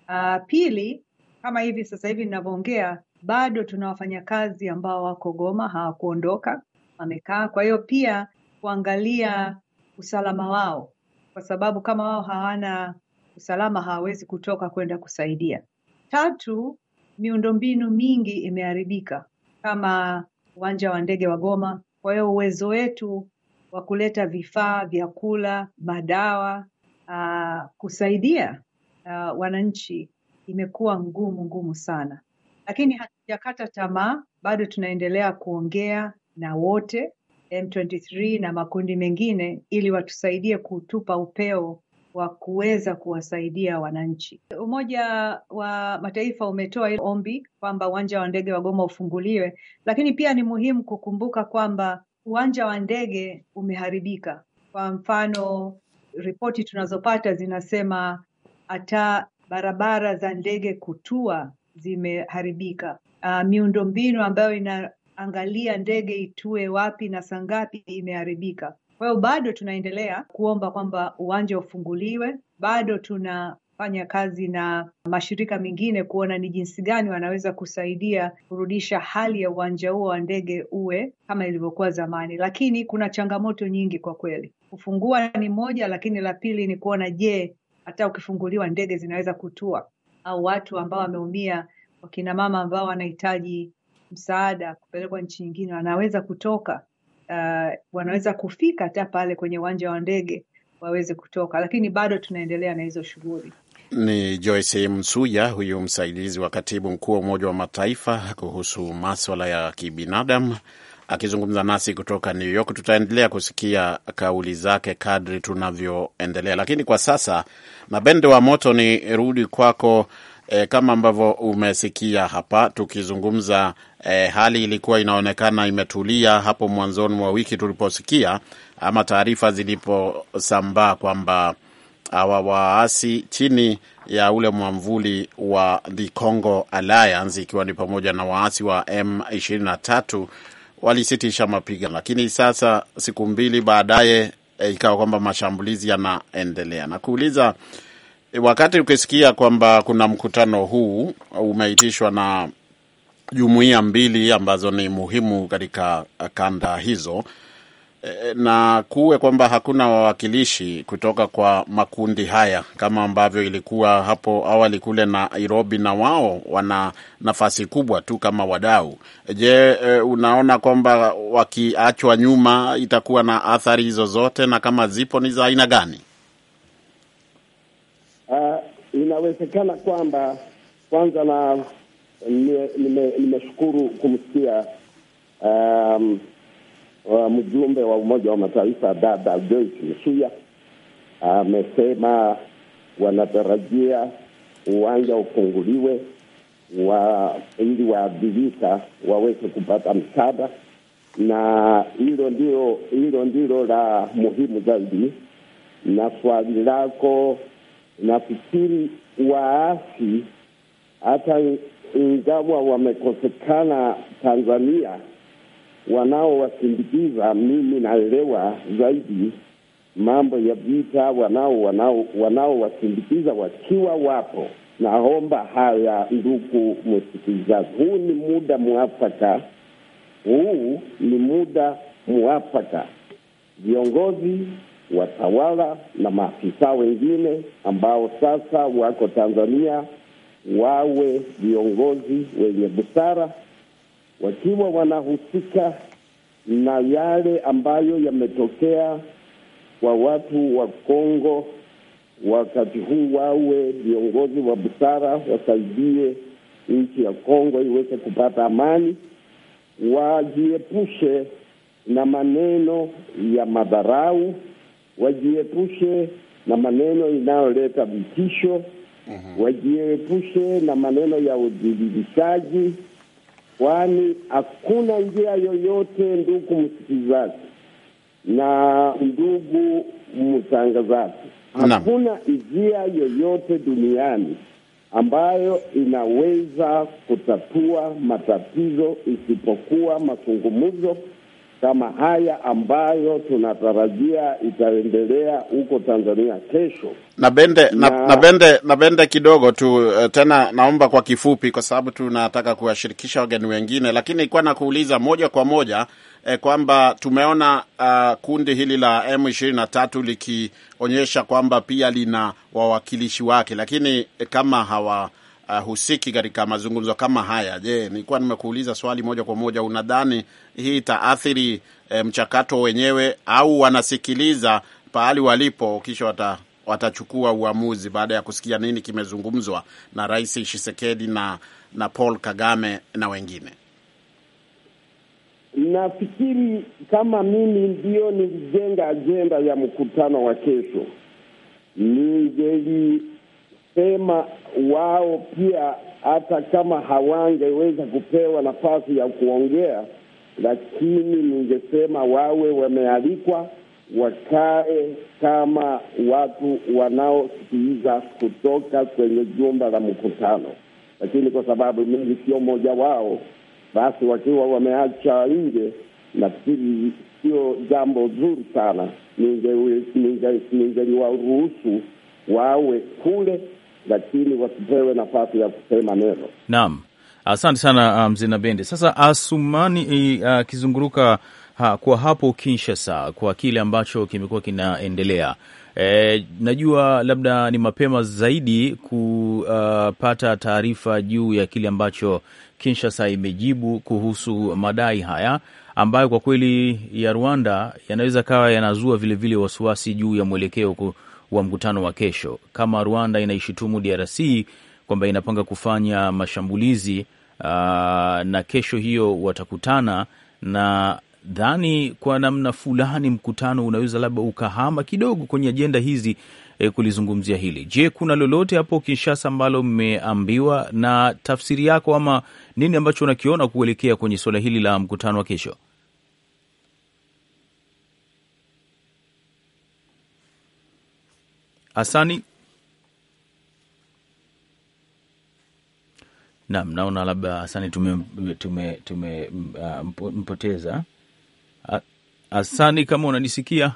Speaker 4: Uh, pili, kama hivi sasa hivi ninavyoongea bado tuna wafanyakazi ambao wako Goma, hawakuondoka, wamekaa. Kwa hiyo pia kuangalia usalama wao, kwa sababu kama wao hawana usalama hawawezi kutoka kwenda kusaidia. Tatu, miundombinu mingi imeharibika kama uwanja wa ndege wa Goma. Kwa hiyo uwezo wetu wa kuleta vifaa, vyakula, madawa, uh, kusaidia uh, wananchi imekuwa ngumu ngumu sana, lakini hatujakata tamaa, bado tunaendelea kuongea na wote M23 na makundi mengine ili watusaidie kutupa upeo wa kuweza kuwasaidia wananchi. Umoja wa Mataifa umetoa ombi kwamba uwanja wa ndege wa Goma ufunguliwe, lakini pia ni muhimu kukumbuka kwamba uwanja wa ndege umeharibika. Kwa mfano, ripoti tunazopata zinasema hata barabara za ndege kutua zimeharibika. Uh, miundombinu ambayo inaangalia ndege itue wapi na saa ngapi imeharibika. Kwa hiyo bado tunaendelea kuomba kwamba uwanja ufunguliwe, bado tuna fanya kazi na mashirika mengine kuona ni jinsi gani wanaweza kusaidia kurudisha hali ya uwanja huo wa ndege uwe kama ilivyokuwa zamani, lakini kuna changamoto nyingi kwa kweli. Kufungua ni moja, lakini la pili ni kuona, je, hata ukifunguliwa ndege zinaweza kutua au watu ambao wameumia, wakina mama ambao wanahitaji msaada kupelekwa nchi nyingine, wanaweza kutoka uh, wanaweza kufika hata pale kwenye uwanja wa ndege waweze kutoka, lakini bado tunaendelea na hizo shughuli.
Speaker 3: Ni Joyce Msuya, huyu msaidizi wa katibu mkuu wa Umoja wa Mataifa kuhusu maswala ya kibinadamu akizungumza nasi kutoka New York. Tutaendelea kusikia kauli zake kadri tunavyoendelea, lakini kwa sasa, Mabende wa Moto, ni rudi kwako. E, kama ambavyo umesikia hapa tukizungumza, e, hali ilikuwa inaonekana imetulia hapo mwanzoni mwa wiki tuliposikia ama taarifa ziliposambaa kwamba hawa waasi chini ya ule mwamvuli wa The Congo Alliance, ikiwa ni pamoja na waasi wa M23 walisitisha mapigano, lakini sasa siku mbili baadaye e, ikawa kwamba mashambulizi yanaendelea na kuuliza eh, wakati ukisikia kwamba kuna mkutano huu umeitishwa na jumuiya mbili ambazo ni muhimu katika kanda hizo Eh, na kuwe kwamba hakuna wawakilishi kutoka kwa makundi haya kama ambavyo ilikuwa hapo awali kule na Nairobi, na wao wana nafasi kubwa tu kama wadau. Je, eh, unaona kwamba wakiachwa nyuma itakuwa na athari zozote, na kama zipo ni za aina gani?
Speaker 5: Uh, inawezekana kwamba kwanza, na eh, nimeshukuru kumsikia um, uh, mjumbe wa Umoja wa Mataifa dada Joyce Msuya amesema uh, wanatarajia uwanja ufunguliwe wa, ili waadhirika waweze kupata msaada, na hilo ndilo hilo ndilo la muhimu zaidi. Na swali lako, nafikiri waasi hata ingawa wamekosekana Tanzania wanaowasindikiza, mimi naelewa zaidi mambo ya vita, wanao wanaowasindikiza wanao wakiwa wapo. Naomba haya, ndugu msikilizaji, huu ni muda mwafaka, huu ni muda mwafaka viongozi watawala na maafisa wengine ambao sasa wako Tanzania wawe viongozi wenye busara wakiwa wanahusika na yale ambayo yametokea kwa watu wa Kongo wakati huu, wawe viongozi wa busara, wasaidie nchi ya Kongo iweze kupata amani, wajiepushe na maneno ya madharau, wajiepushe na maneno inayoleta vitisho, mhm. wajiepushe na maneno ya udhalilishaji kwani hakuna njia yoyote, ndugu msikilizaji na ndugu mtangazaji, hakuna njia yoyote duniani ambayo inaweza kutatua matatizo isipokuwa mazungumzo kama haya ambayo tunatarajia itaendelea huko Tanzania
Speaker 3: kesho. Na bende na, na, na bende na bende kidogo tu eh, tena, naomba kwa kifupi, kwa sababu tunataka kuwashirikisha wageni wengine, lakini ilikuwa nakuuliza moja kwa moja eh, kwamba tumeona uh, kundi hili la M23 likionyesha kwamba pia lina wawakilishi wake, lakini eh, kama hawa Uh, husiki katika mazungumzo kama haya. Je, nilikuwa nimekuuliza swali moja kwa moja, unadhani hii itaathiri eh, mchakato wenyewe au wanasikiliza pahali walipo kisha wata watachukua uamuzi baada ya kusikia nini kimezungumzwa na Rais Tshisekedi na na Paul Kagame na wengine.
Speaker 5: Nafikiri kama mimi ndio nilijenga ajenda ya mkutano wa kesho, ningeli wanasema wao pia hata kama hawangeweza kupewa nafasi ya kuongea, lakini ningesema wawe wamealikwa, wakae kama watu wanaosikiliza kutoka kwenye jumba la mkutano. Lakini kwa sababu mimi sio mmoja wao, basi wakiwa wameacha nje, nafikiri sio jambo zuri sana. Ningeliwaruhusu wawe kule lakini wasipewe nafasi ya kusema neno.
Speaker 2: Naam, asante sana uh, Mzena um, Sasa Asumani uh, uh, Kizunguruka ha, kwa hapo Kinshasa, kwa kile ambacho kimekuwa kinaendelea E, najua labda ni mapema zaidi kupata uh, taarifa juu ya kile ambacho Kinshasa imejibu kuhusu madai haya ambayo kwa kweli ya Rwanda yanaweza kawa yanazua vilevile wasiwasi juu ya mwelekeo wa mkutano wa kesho. Kama Rwanda inaishutumu DRC kwamba inapanga kufanya mashambulizi uh, na kesho hiyo watakutana na dhani kwa namna fulani mkutano unaweza labda ukahama kidogo kwenye ajenda hizi e, kulizungumzia hili. Je, kuna lolote hapo Kinshasa ambalo mmeambiwa na tafsiri yako ama nini ambacho unakiona kuelekea kwenye suala hili la mkutano wa kesho? Asani. Naam, naona labda Asani tumempoteza, tume, tume, uh, Asani kama unanisikia.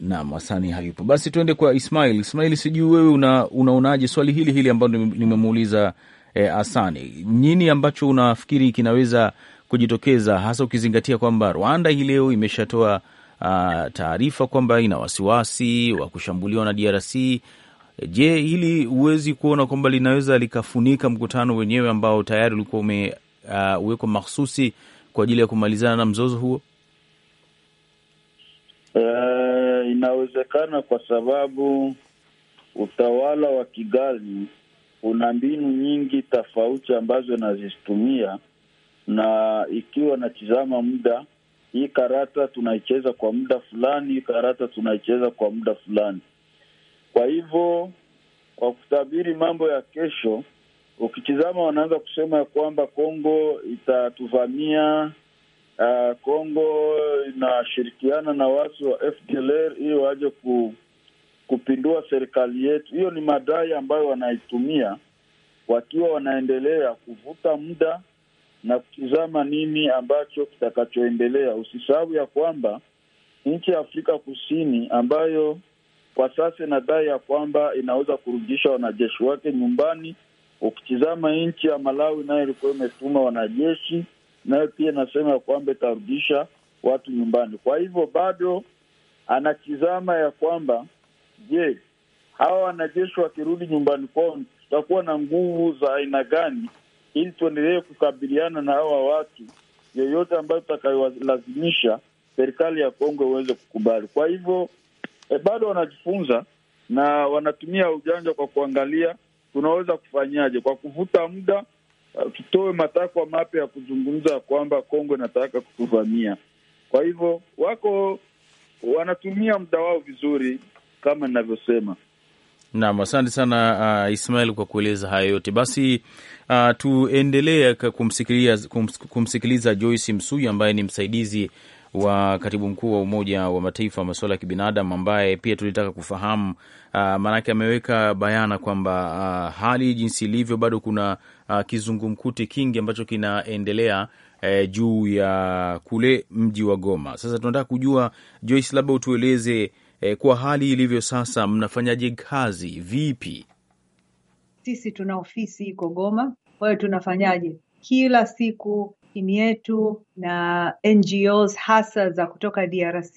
Speaker 2: Naam, Asani hayupo. Basi tuende kwa Ismail. Ismail, sijui wewe unaonaje una swali hili hili ambalo nimemuuliza eh, Asani, nini ambacho unafikiri kinaweza kujitokeza hasa ukizingatia kwamba Rwanda hii leo imeshatoa uh, taarifa kwamba ina wasiwasi wa kushambuliwa na DRC. Je, hili huwezi kuona kwamba linaweza likafunika mkutano wenyewe ambao tayari ulikuwa umewekwa ah, uh, mahsusi kwa ajili ya kumalizana na mzozo huo?
Speaker 7: Uh, inawezekana kwa sababu utawala wa Kigali una mbinu nyingi tofauti ambazo nazitumia, na ikiwa natizama muda hii karata tunaicheza kwa muda fulani, hii karata tunaicheza kwa muda fulani. Kwa hivyo kwa kutabiri mambo ya kesho, ukitizama wanaanza kusema ya kwamba Kongo itatuvamia. Uh, Kongo inashirikiana na watu wa FDLR ili waje ku, kupindua serikali yetu. Hiyo ni madai ambayo wanaitumia wakiwa wanaendelea kuvuta muda na kutizama nini ambacho kitakachoendelea. Usisahau ya kwamba nchi ya Afrika Kusini ambayo kwa sasa inadai ya kwamba inaweza kurudisha wanajeshi wake nyumbani. Ukitizama nchi ya Malawi nayo ilikuwa imetuma wanajeshi, nayo pia inasema ya kwamba itarudisha watu nyumbani. Kwa hivyo bado anatizama ya kwamba je, hawa wanajeshi wakirudi nyumbani kwao tutakuwa na nguvu za aina gani ili tuendelee kukabiliana na hawa watu. Yoyote ambayo tutakayolazimisha serikali ya Kongo iweze kukubali. Kwa hivyo e, bado wanajifunza na wanatumia ujanja kwa kuangalia tunaweza kufanyaje kwa kuvuta muda, eh, tutoe matakwa mapya ya kuzungumza kwamba Kongo inataka kutuvamia. Kwa hivyo wako wanatumia muda wao vizuri, kama ninavyosema.
Speaker 2: Nam, asante sana uh, Ismail kwa kueleza haya yote. Basi uh, tuendelee kumsikiliza, kums, kumsikiliza Joyce Msuya ambaye ni msaidizi wa katibu mkuu wa Umoja wa Mataifa masuala ya kibinadamu, ambaye pia tulitaka kufahamu uh, maanake ameweka bayana kwamba uh, hali jinsi ilivyo bado kuna uh, kizungumkuti kingi ambacho kinaendelea uh, juu ya kule mji wa Goma. Sasa tunataka kujua Joyce, labda utueleze e, kwa hali ilivyo sasa, mnafanyaje kazi vipi?
Speaker 4: Sisi tuna ofisi iko Goma, kwa hiyo tunafanyaje kila siku timu yetu na NGOs hasa za kutoka DRC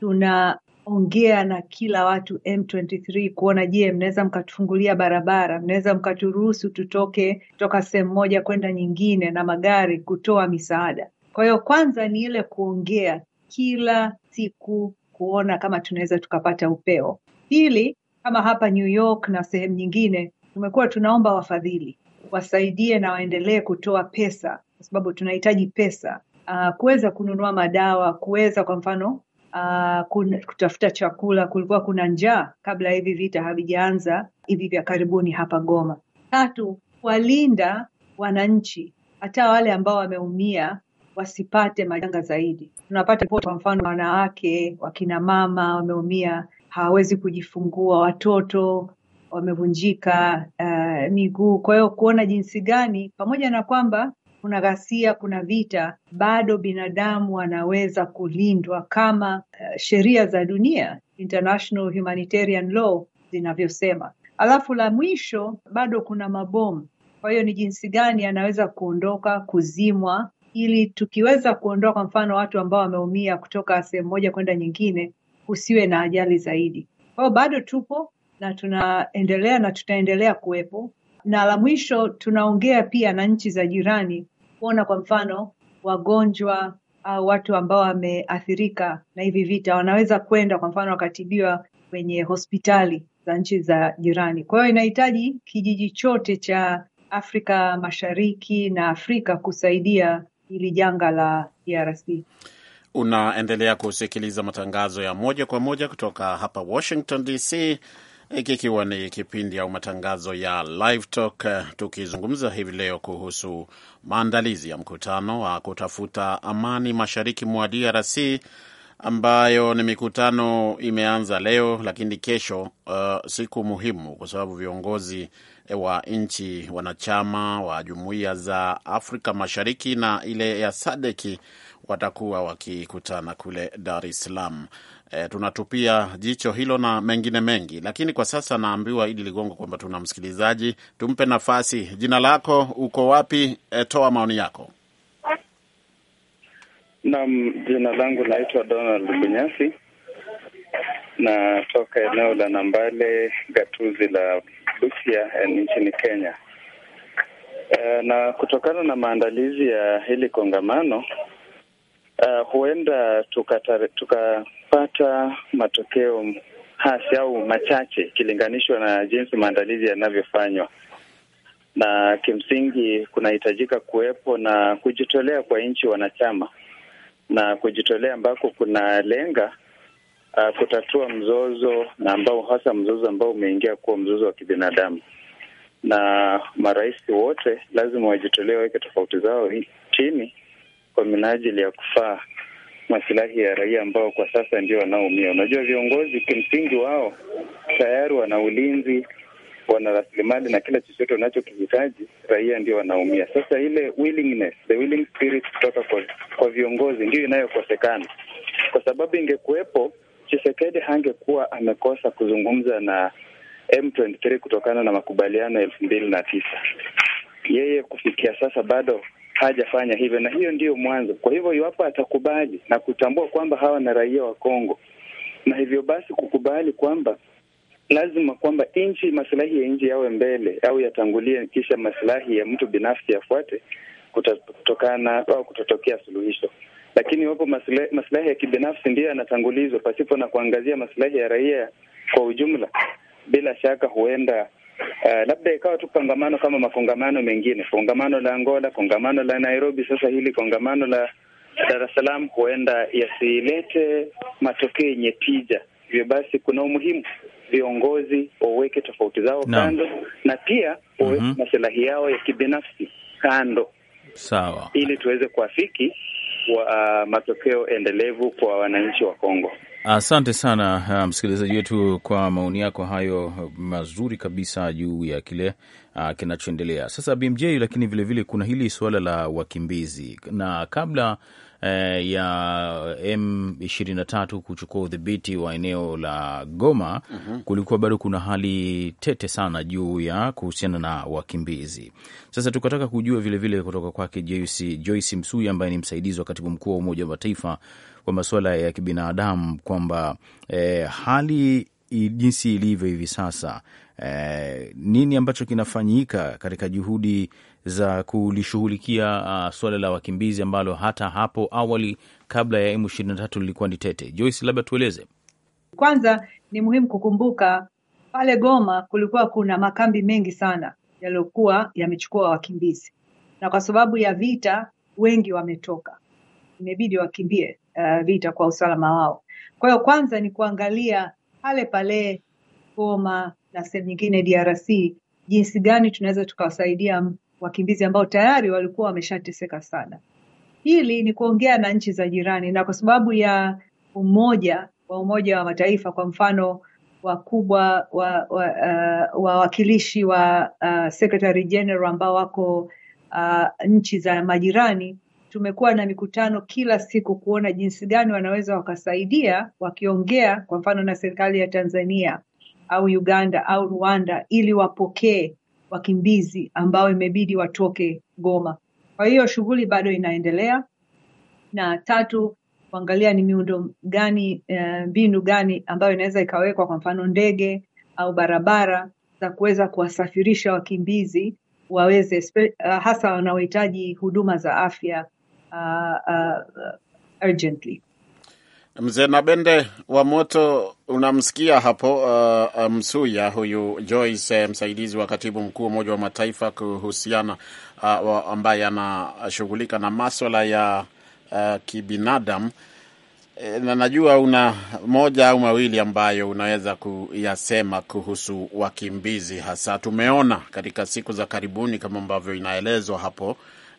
Speaker 4: tunaongea na kila watu M23 kuona, je, mnaweza mkatufungulia barabara, mnaweza mkaturuhusu tutoke toka sehemu moja kwenda nyingine na magari kutoa misaada. Kwa hiyo kwanza ni ile kuongea kila siku kuona kama tunaweza tukapata upeo. Pili, kama hapa New York na sehemu nyingine, tumekuwa tunaomba wafadhili wasaidie na waendelee kutoa pesa, kwa sababu tunahitaji pesa uh, kuweza kununua madawa, kuweza kwa mfano uh, kutafuta chakula. Kulikuwa kuna njaa kabla hivi vita havijaanza hivi vya karibuni hapa Goma. Tatu, walinda wananchi hata wale ambao wameumia wasipate majanga zaidi. Tunapata ripoti, kwa mfano, wanawake, wakina mama wameumia, hawawezi kujifungua, watoto wamevunjika uh, miguu. Kwa hiyo kuona jinsi gani, pamoja na kwamba kuna ghasia, kuna vita, bado binadamu wanaweza kulindwa kama uh, sheria za dunia international humanitarian law zinavyosema. Alafu la mwisho, bado kuna mabomu. Kwa hiyo ni jinsi gani anaweza kuondoka, kuzimwa ili tukiweza kuondoa kwa mfano watu ambao wameumia kutoka sehemu moja kwenda nyingine, usiwe na ajali zaidi. Kwa hiyo bado tupo na tunaendelea na tutaendelea kuwepo, na la mwisho tunaongea pia na nchi za jirani kuona kwa mfano wagonjwa au watu ambao wameathirika na hivi vita wanaweza kwenda kwa mfano wakatibiwa kwenye hospitali za nchi za jirani. Kwa hiyo inahitaji kijiji chote cha Afrika Mashariki na Afrika kusaidia hili janga la DRC. E
Speaker 3: Unaendelea kusikiliza matangazo ya moja kwa moja kutoka hapa Washington DC, ikikiwa ni kipindi au matangazo ya Live Talk, eh, tukizungumza hivi leo kuhusu maandalizi ya mkutano wa kutafuta amani mashariki mwa DRC ambayo ni mikutano imeanza leo, lakini kesho, uh, siku muhimu kwa sababu viongozi wa nchi wanachama wa jumuiya za Afrika Mashariki na ile ya Sadeki watakuwa wakikutana kule Dar es Salaam. E, tunatupia jicho hilo na mengine mengi, lakini kwa sasa naambiwa Idi Ligongo kwamba tuna msikilizaji, tumpe nafasi. Jina lako, uko wapi? E, toa maoni yako.
Speaker 1: Naam, jina langu naitwa Donald Bunyasi na toka eneo la Nambale, gatuzi la Busia eh, nchini Kenya. Uh, na kutokana na maandalizi ya hili kongamano uh, huenda tukatare, tukapata matokeo hasi au machache ikilinganishwa na jinsi maandalizi yanavyofanywa, na kimsingi kunahitajika kuwepo na kujitolea kwa nchi wanachama na kujitolea ambako kuna lenga uh, kutatua mzozo na ambao hasa mzozo ambao umeingia kuwa mzozo wa kibinadamu, na marais wote lazima wajitolee, waweke tofauti zao chini kwa minajili ya kufaa masilahi ya raia ambao kwa sasa ndio wanaoumia. Unajua, viongozi kimsingi wao tayari wana ulinzi, wana rasilimali na kila chochote unachokihitaji, raia ndio wanaumia. Sasa ile willingness, the willing spirit kutoka kwa, kwa viongozi ndio inayokosekana, kwa sababu ingekuwepo Chisekedi hangekuwa amekosa kuzungumza na M23 kutokana na makubaliano elfu mbili na tisa. Yeye kufikia sasa bado hajafanya hivyo, na hiyo ndiyo mwanzo. Kwa hivyo iwapo atakubali na kutambua kwamba hawa na raia wa Kongo, na hivyo basi kukubali kwamba lazima kwamba nchi, masilahi ya nchi yawe mbele au yatangulie, kisha masilahi ya mtu binafsi yafuate, kutotokana au kutotokea suluhisho lakini iwapo masilahi ya kibinafsi ndiyo yanatangulizwa pasipo na kuangazia masilahi ya raia kwa ujumla, bila shaka huenda Uh, labda ikawa tu kongamano kama makongamano mengine, kongamano la Angola, kongamano la Nairobi, sasa hili kongamano la Dar es Salaam huenda yasilete matokeo yenye tija. Hivyo basi, kuna umuhimu viongozi waweke tofauti zao no. kando na pia waweke mm -hmm. masilahi yao ya kibinafsi kando, sawa, ili tuweze kuafiki wa uh, matokeo endelevu kwa wananchi wa Kongo.
Speaker 2: Asante sana uh, msikilizaji wetu kwa maoni yako hayo mazuri kabisa juu ya kile uh, kinachoendelea sasa BMJ. Lakini vilevile vile kuna hili suala la wakimbizi, na kabla eh, ya M23 kuchukua udhibiti wa eneo la Goma mm -hmm. kulikuwa bado kuna hali tete sana juu ya kuhusiana na wakimbizi. Sasa tukataka kujua vilevile kutoka kwake Joyce Msuya ambaye ni msaidizi wa katibu mkuu wa Umoja wa Mataifa kwa masuala ya kibinadamu kwamba eh, hali jinsi ilivyo hivi sasa eh, nini ambacho kinafanyika katika juhudi za kulishughulikia uh, suala la wakimbizi ambalo hata hapo awali kabla ya M23 lilikuwa ni tete. Joyce, labda tueleze.
Speaker 4: Kwanza ni muhimu kukumbuka pale Goma kulikuwa kuna makambi mengi sana yaliyokuwa yamechukua wakimbizi, na kwa sababu ya vita wengi wametoka, imebidi wakimbie uh, vita kwa usalama wao. Kwa hiyo kwanza ni kuangalia pale pale Goma na sehemu nyingine DRC, jinsi gani tunaweza tukawasaidia wakimbizi ambao tayari walikuwa wameshateseka sana. Hili ni kuongea na nchi za jirani, na kwa sababu ya umoja wa Umoja wa Mataifa, kwa mfano wakubwa wa wawakilishi wa, uh, wa, wa uh, Secretary General ambao wako uh, nchi za majirani tumekuwa na mikutano kila siku kuona jinsi gani wanaweza wakasaidia wakiongea kwa mfano na serikali ya Tanzania au Uganda au Rwanda ili wapokee wakimbizi ambao imebidi watoke Goma. Kwa hiyo shughuli bado inaendelea. Na tatu, kuangalia ni miundo gani eh, mbinu gani ambayo inaweza ikawekwa, kwa mfano ndege au barabara za kuweza kuwasafirisha wakimbizi waweze uh, hasa wanaohitaji huduma za afya uh, uh, urgently.
Speaker 3: Mzee Nabende wa moto unamsikia hapo. Uh, uh Msuya huyu Joyce, eh, msaidizi wa katibu mkuu wa Umoja wa Mataifa kuhusiana uh, ambaye anashughulika na maswala ya uh, kibinadamu e, na najua una moja au mawili ambayo unaweza kuyasema kuhusu wakimbizi, hasa tumeona katika siku za karibuni kama ambavyo inaelezwa hapo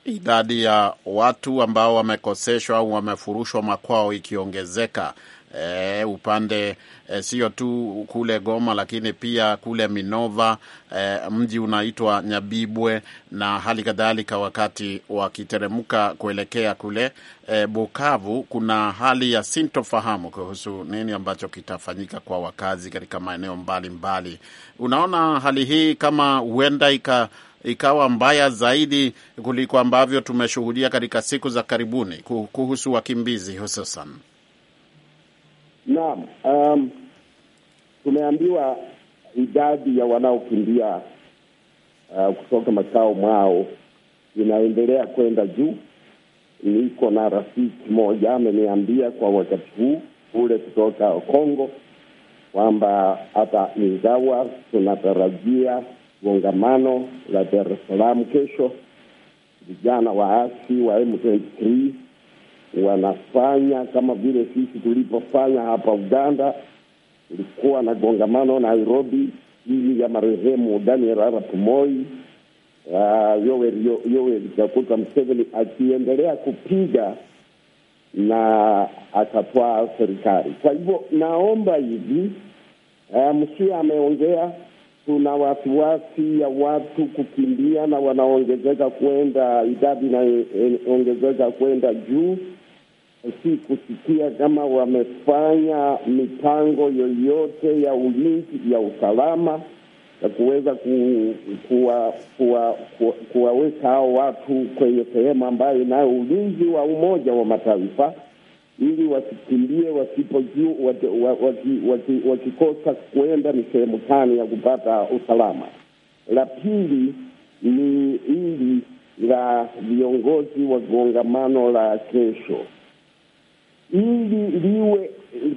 Speaker 3: idadi ya watu ambao wamekoseshwa au wamefurushwa makwao ikiongezeka. E, upande e, sio tu kule Goma lakini pia kule Minova e, mji unaitwa Nyabibwe na hali kadhalika, wakati wakiteremka kuelekea kule e, Bukavu, kuna hali ya sintofahamu kuhusu nini ambacho kitafanyika kwa wakazi katika maeneo mbalimbali Unaona hali hii kama huenda ika ikawa mbaya zaidi kuliko ambavyo tumeshuhudia katika siku za karibuni kuhusu wakimbizi hususan?
Speaker 5: Naam, um, tumeambiwa idadi ya wanaokimbia uh, kutoka makao mwao inaendelea kwenda juu. Niko na rafiki moja ameniambia kwa wakati huu kule kutoka Kongo kwamba hata ingawa tunatarajia kongamano la Dar es Salaam kesho. Vijana waasi wa M23 wanafanya kama vile sisi tulivyofanya hapa Uganda. Ilikuwa na kongamano Nairobi ili ya marehemu Daniel Arap Moi. Uh, Yoweri Kaguta Museveni akiendelea kupiga na akatwaa serikali. Kwa hivyo naomba hivi, uh, ah, msia ameongea tuna wasiwasi ya watu kukimbia na wanaongezeka kwenda, idadi inaongezeka kwenda juu. Si kusikia kama wamefanya mipango yoyote ya ulinzi ya usalama ya kuweza kuwaweka kuwa, kuwa, kuwa hao watu kwenye sehemu ambayo inayo ulinzi wa Umoja wa Mataifa ili wasikimbie wakikosa kuenda ni sehemu tani ya kupata usalama. La pili ni ili la viongozi wa gongamano la kesho, ili liwe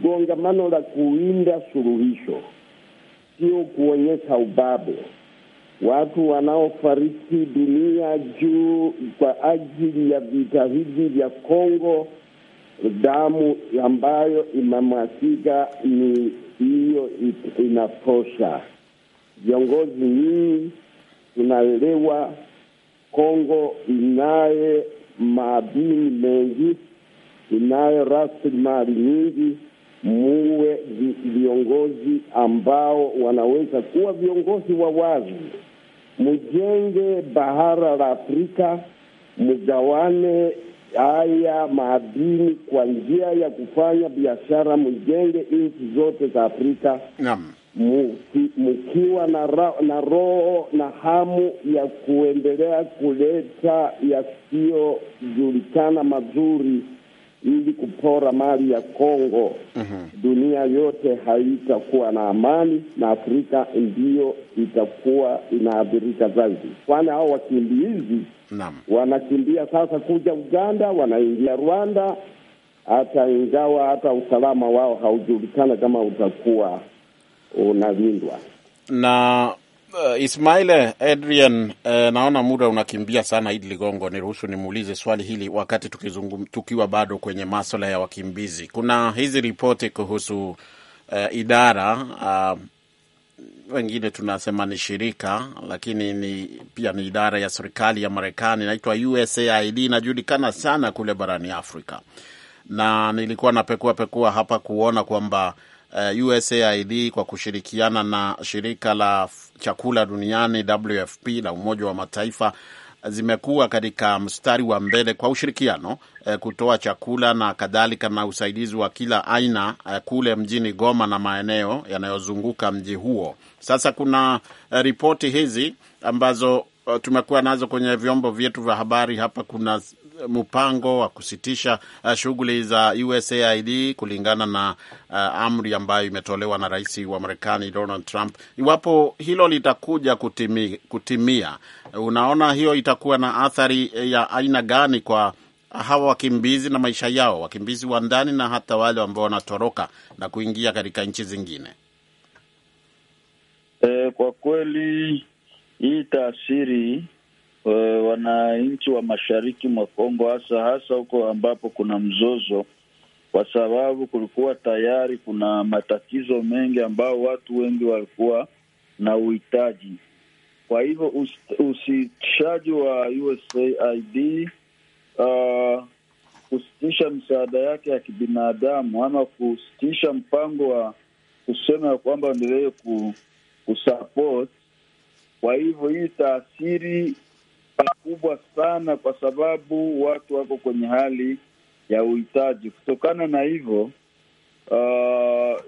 Speaker 5: gongamano la kuwinda suluhisho, sio kuonyesha ubabe. Watu wanaofariki dunia juu kwa ajili ya vita hivi vya Kongo damu ambayo inamwagika ni hiyo inatosha. Viongozi nyingi tunaelewa Kongo inaye madini mengi, inayo rasilimali nyingi. Muwe viongozi ambao wanaweza kuwa viongozi wa wazi, mujenge bahara la Afrika, mugawane haya maadini kwa njia ya kufanya biashara, mjenge nchi zote za Afrika. Naam, mkiwa na, ra, na roho na hamu ya kuendelea kuleta yasiyojulikana mazuri ili kupora mali ya Kongo. uh mhm. -huh. Dunia yote haitakuwa na amani, na Afrika ndiyo itakuwa inaathirika zaidi, kwani hao wakimbizi Naam. Wanakimbia sasa kuja Uganda, wanaingia Rwanda, hata ingawa hata usalama wao haujulikana kama utakuwa unalindwa
Speaker 3: na Uh, eh, Ismail Adrian, uh, naona muda unakimbia sana. Idi Ligongo, niruhusu nimuulize swali hili wakati tukizungum, tukiwa bado kwenye maswala ya wakimbizi. Kuna hizi ripoti kuhusu uh, idara uh, wengine tunasema ni shirika lakini ni, pia ni idara ya serikali ya Marekani inaitwa USAID, inajulikana sana kule barani Afrika, na nilikuwa napekua pekua hapa kuona kwamba uh, eh, USAID kwa kushirikiana na shirika la chakula duniani WFP la Umoja wa Mataifa zimekuwa katika mstari wa mbele kwa ushirikiano eh, kutoa chakula na kadhalika na usaidizi wa kila aina eh, kule mjini Goma na maeneo yanayozunguka mji huo. Sasa kuna eh, ripoti hizi ambazo eh, tumekuwa nazo kwenye vyombo vyetu vya habari hapa. Kuna mpango wa kusitisha uh, shughuli za USAID kulingana na uh, amri ambayo imetolewa na rais wa Marekani Donald Trump. Iwapo hilo litakuja kutimi, kutimia, unaona hiyo itakuwa na athari ya aina gani kwa hawa wakimbizi na maisha yao, wakimbizi wa ndani na hata wale ambao wanatoroka na kuingia katika nchi zingine?
Speaker 7: E, kwa kweli hii taasiri Eh, wananchi wa mashariki mwa Kongo, hasa hasa huko ambapo kuna mzozo, kwa sababu kulikuwa tayari kuna matatizo mengi ambao watu wengi walikuwa na uhitaji. Kwa hivyo usitishaji wa USAID uh, eh, kusitisha misaada yake ya kibinadamu ama kusitisha mpango wa kusema ya kwamba endelee kusupport. Kwa hivyo hii taasiri pakubwa sana, kwa sababu watu wako kwenye hali ya uhitaji. Kutokana na hivyo uh,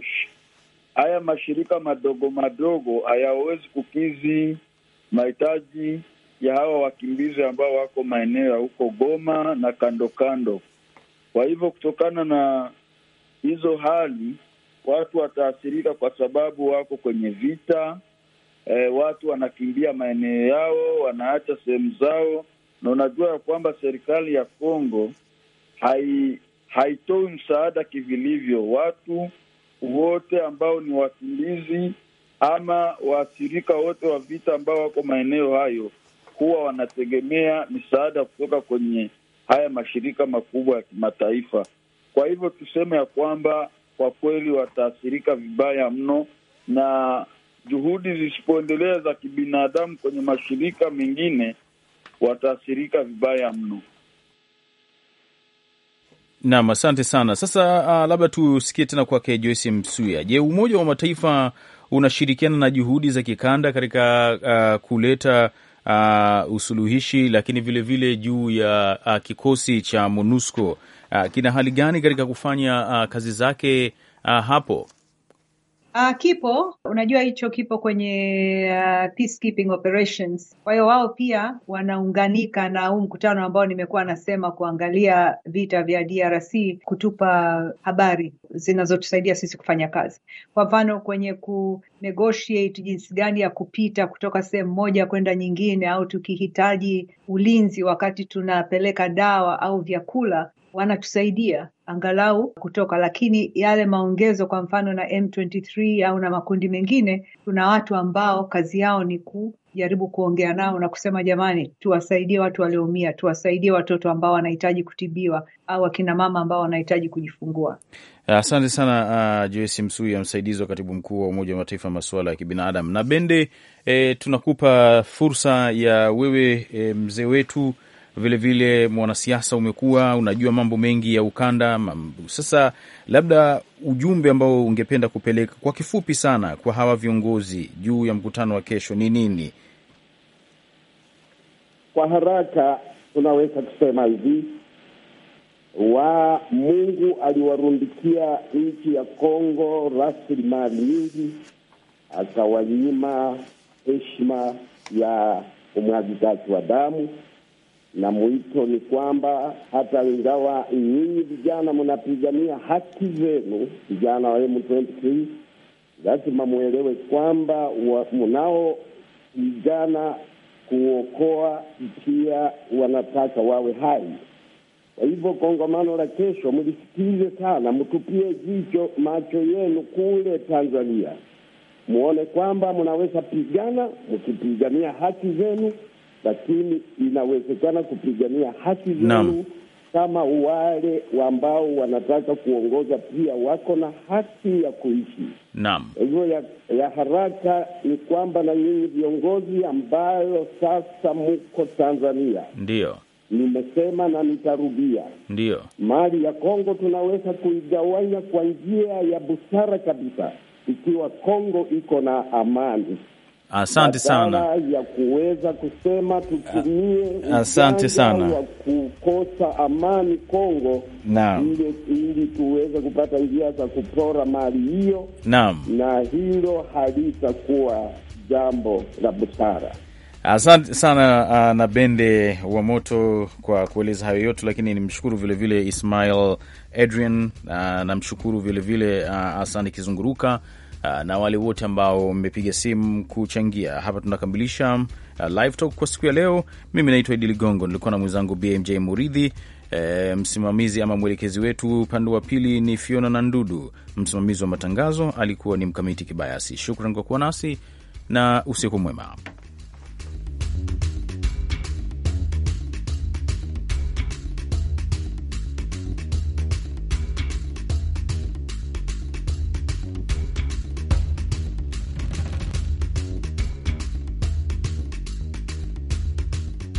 Speaker 7: haya mashirika madogo madogo hayawezi kukizi mahitaji ya hawa wakimbizi ambao wako maeneo ya huko Goma na kando kando. Kwa hivyo kutokana na hizo hali watu wataathirika, kwa sababu wako kwenye vita e, watu wanakimbia maeneo yao, wanaacha sehemu zao, na unajua ya kwamba serikali ya Kongo hai haitoi msaada kivilivyo. Watu wote ambao ni wakimbizi ama waathirika wote wa vita ambao wako maeneo hayo huwa wanategemea misaada kutoka kwenye haya mashirika makubwa ya kimataifa. Kwa hivyo tuseme ya kwamba kwa kweli wataathirika vibaya mno, na juhudi zisipoendelea za kibinadamu kwenye mashirika mengine wataathirika vibaya mno.
Speaker 2: Naam, asante sana. Sasa uh, labda tusikie tena kwake Joyce Msuya. Je, Umoja wa Mataifa unashirikiana na juhudi za kikanda katika uh, kuleta uh, usuluhishi, lakini vilevile vile juu ya uh, kikosi cha MONUSCO uh, kina hali gani katika kufanya uh, kazi zake uh, hapo?
Speaker 4: Uh, kipo unajua hicho kipo kwenye uh, peacekeeping operations. Kwa hiyo wao pia wanaunganika na huu mkutano ambao nimekuwa nasema kuangalia vita vya DRC, kutupa habari zinazotusaidia sisi kufanya kazi, kwa mfano kwenye ku negotiate jinsi gani ya kupita kutoka sehemu moja kwenda nyingine, au tukihitaji ulinzi wakati tunapeleka dawa au vyakula, wanatusaidia angalau kutoka, lakini yale maongezo kwa mfano na M23 au na makundi mengine, tuna watu ambao kazi yao ni kujaribu kuongea nao na kusema jamani, tuwasaidie watu walioumia, tuwasaidie watoto ambao wanahitaji kutibiwa au akina mama ambao wanahitaji kujifungua.
Speaker 2: Asante sana uh, Joyce Msuya, msaidizi wa katibu mkuu wa Umoja wa Mataifa masuala ya kibinadamu. Na Bende, eh, tunakupa fursa ya wewe eh, mzee wetu vilevile mwanasiasa umekuwa unajua mambo mengi ya ukanda mambu. Sasa labda ujumbe ambao ungependa kupeleka kwa kifupi sana kwa hawa viongozi juu ya mkutano wa kesho ni nini?
Speaker 5: Kwa haraka tunaweza kusema hivi wa Mungu aliwarundikia nchi ya Kongo rasilimali nyingi, akawanyima heshima ya umwagikaji wa damu na mwito ni kwamba hata ingawa nyinyi vijana mnapigania haki zenu, vijana wa M23, lazima mwelewe kwamba mnaopigana vijana kuokoa pia wanataka wawe hai. Kwa hivyo kongamano la kesho mlisikilize sana, mtupie jicho macho yenu kule Tanzania, muone kwamba mnaweza pigana mkipigania haki zenu lakini inawezekana kupigania haki zenu kama wale ambao wanataka kuongoza pia wako na haki ya kuishi. Naam, hivyo ya, ya haraka ni kwamba na nyinyi viongozi ambayo sasa muko Tanzania, ndio nimesema na nitarudia, ndio mali ya Kongo tunaweza kuigawanya kwa njia ya busara kabisa, ikiwa Kongo iko na amani
Speaker 2: Asante sana
Speaker 5: ya kuweza kusema tutumie asante sana kukosa amani Kongo, naam, ili tuweze kupata njia za kupora mali hiyo, naam, na hilo halitakuwa jambo la busara.
Speaker 2: Asante sana uh, na Bende wa Moto kwa kueleza hayo yote, lakini nimshukuru vilevile Ismail Adrian uh, namshukuru vilevile uh, Asani Kizunguruka Ah, na wale wote ambao mmepiga simu kuchangia hapa. Tunakamilisha ah, live talk kwa siku ya leo. Mimi naitwa Idi Ligongo, nilikuwa na mwenzangu BMJ Muridhi. E, msimamizi ama mwelekezi wetu upande wa pili ni Fiona na Ndudu. Msimamizi wa matangazo alikuwa ni Mkamiti Kibayasi. Shukran kwa kuwa nasi na usiku mwema.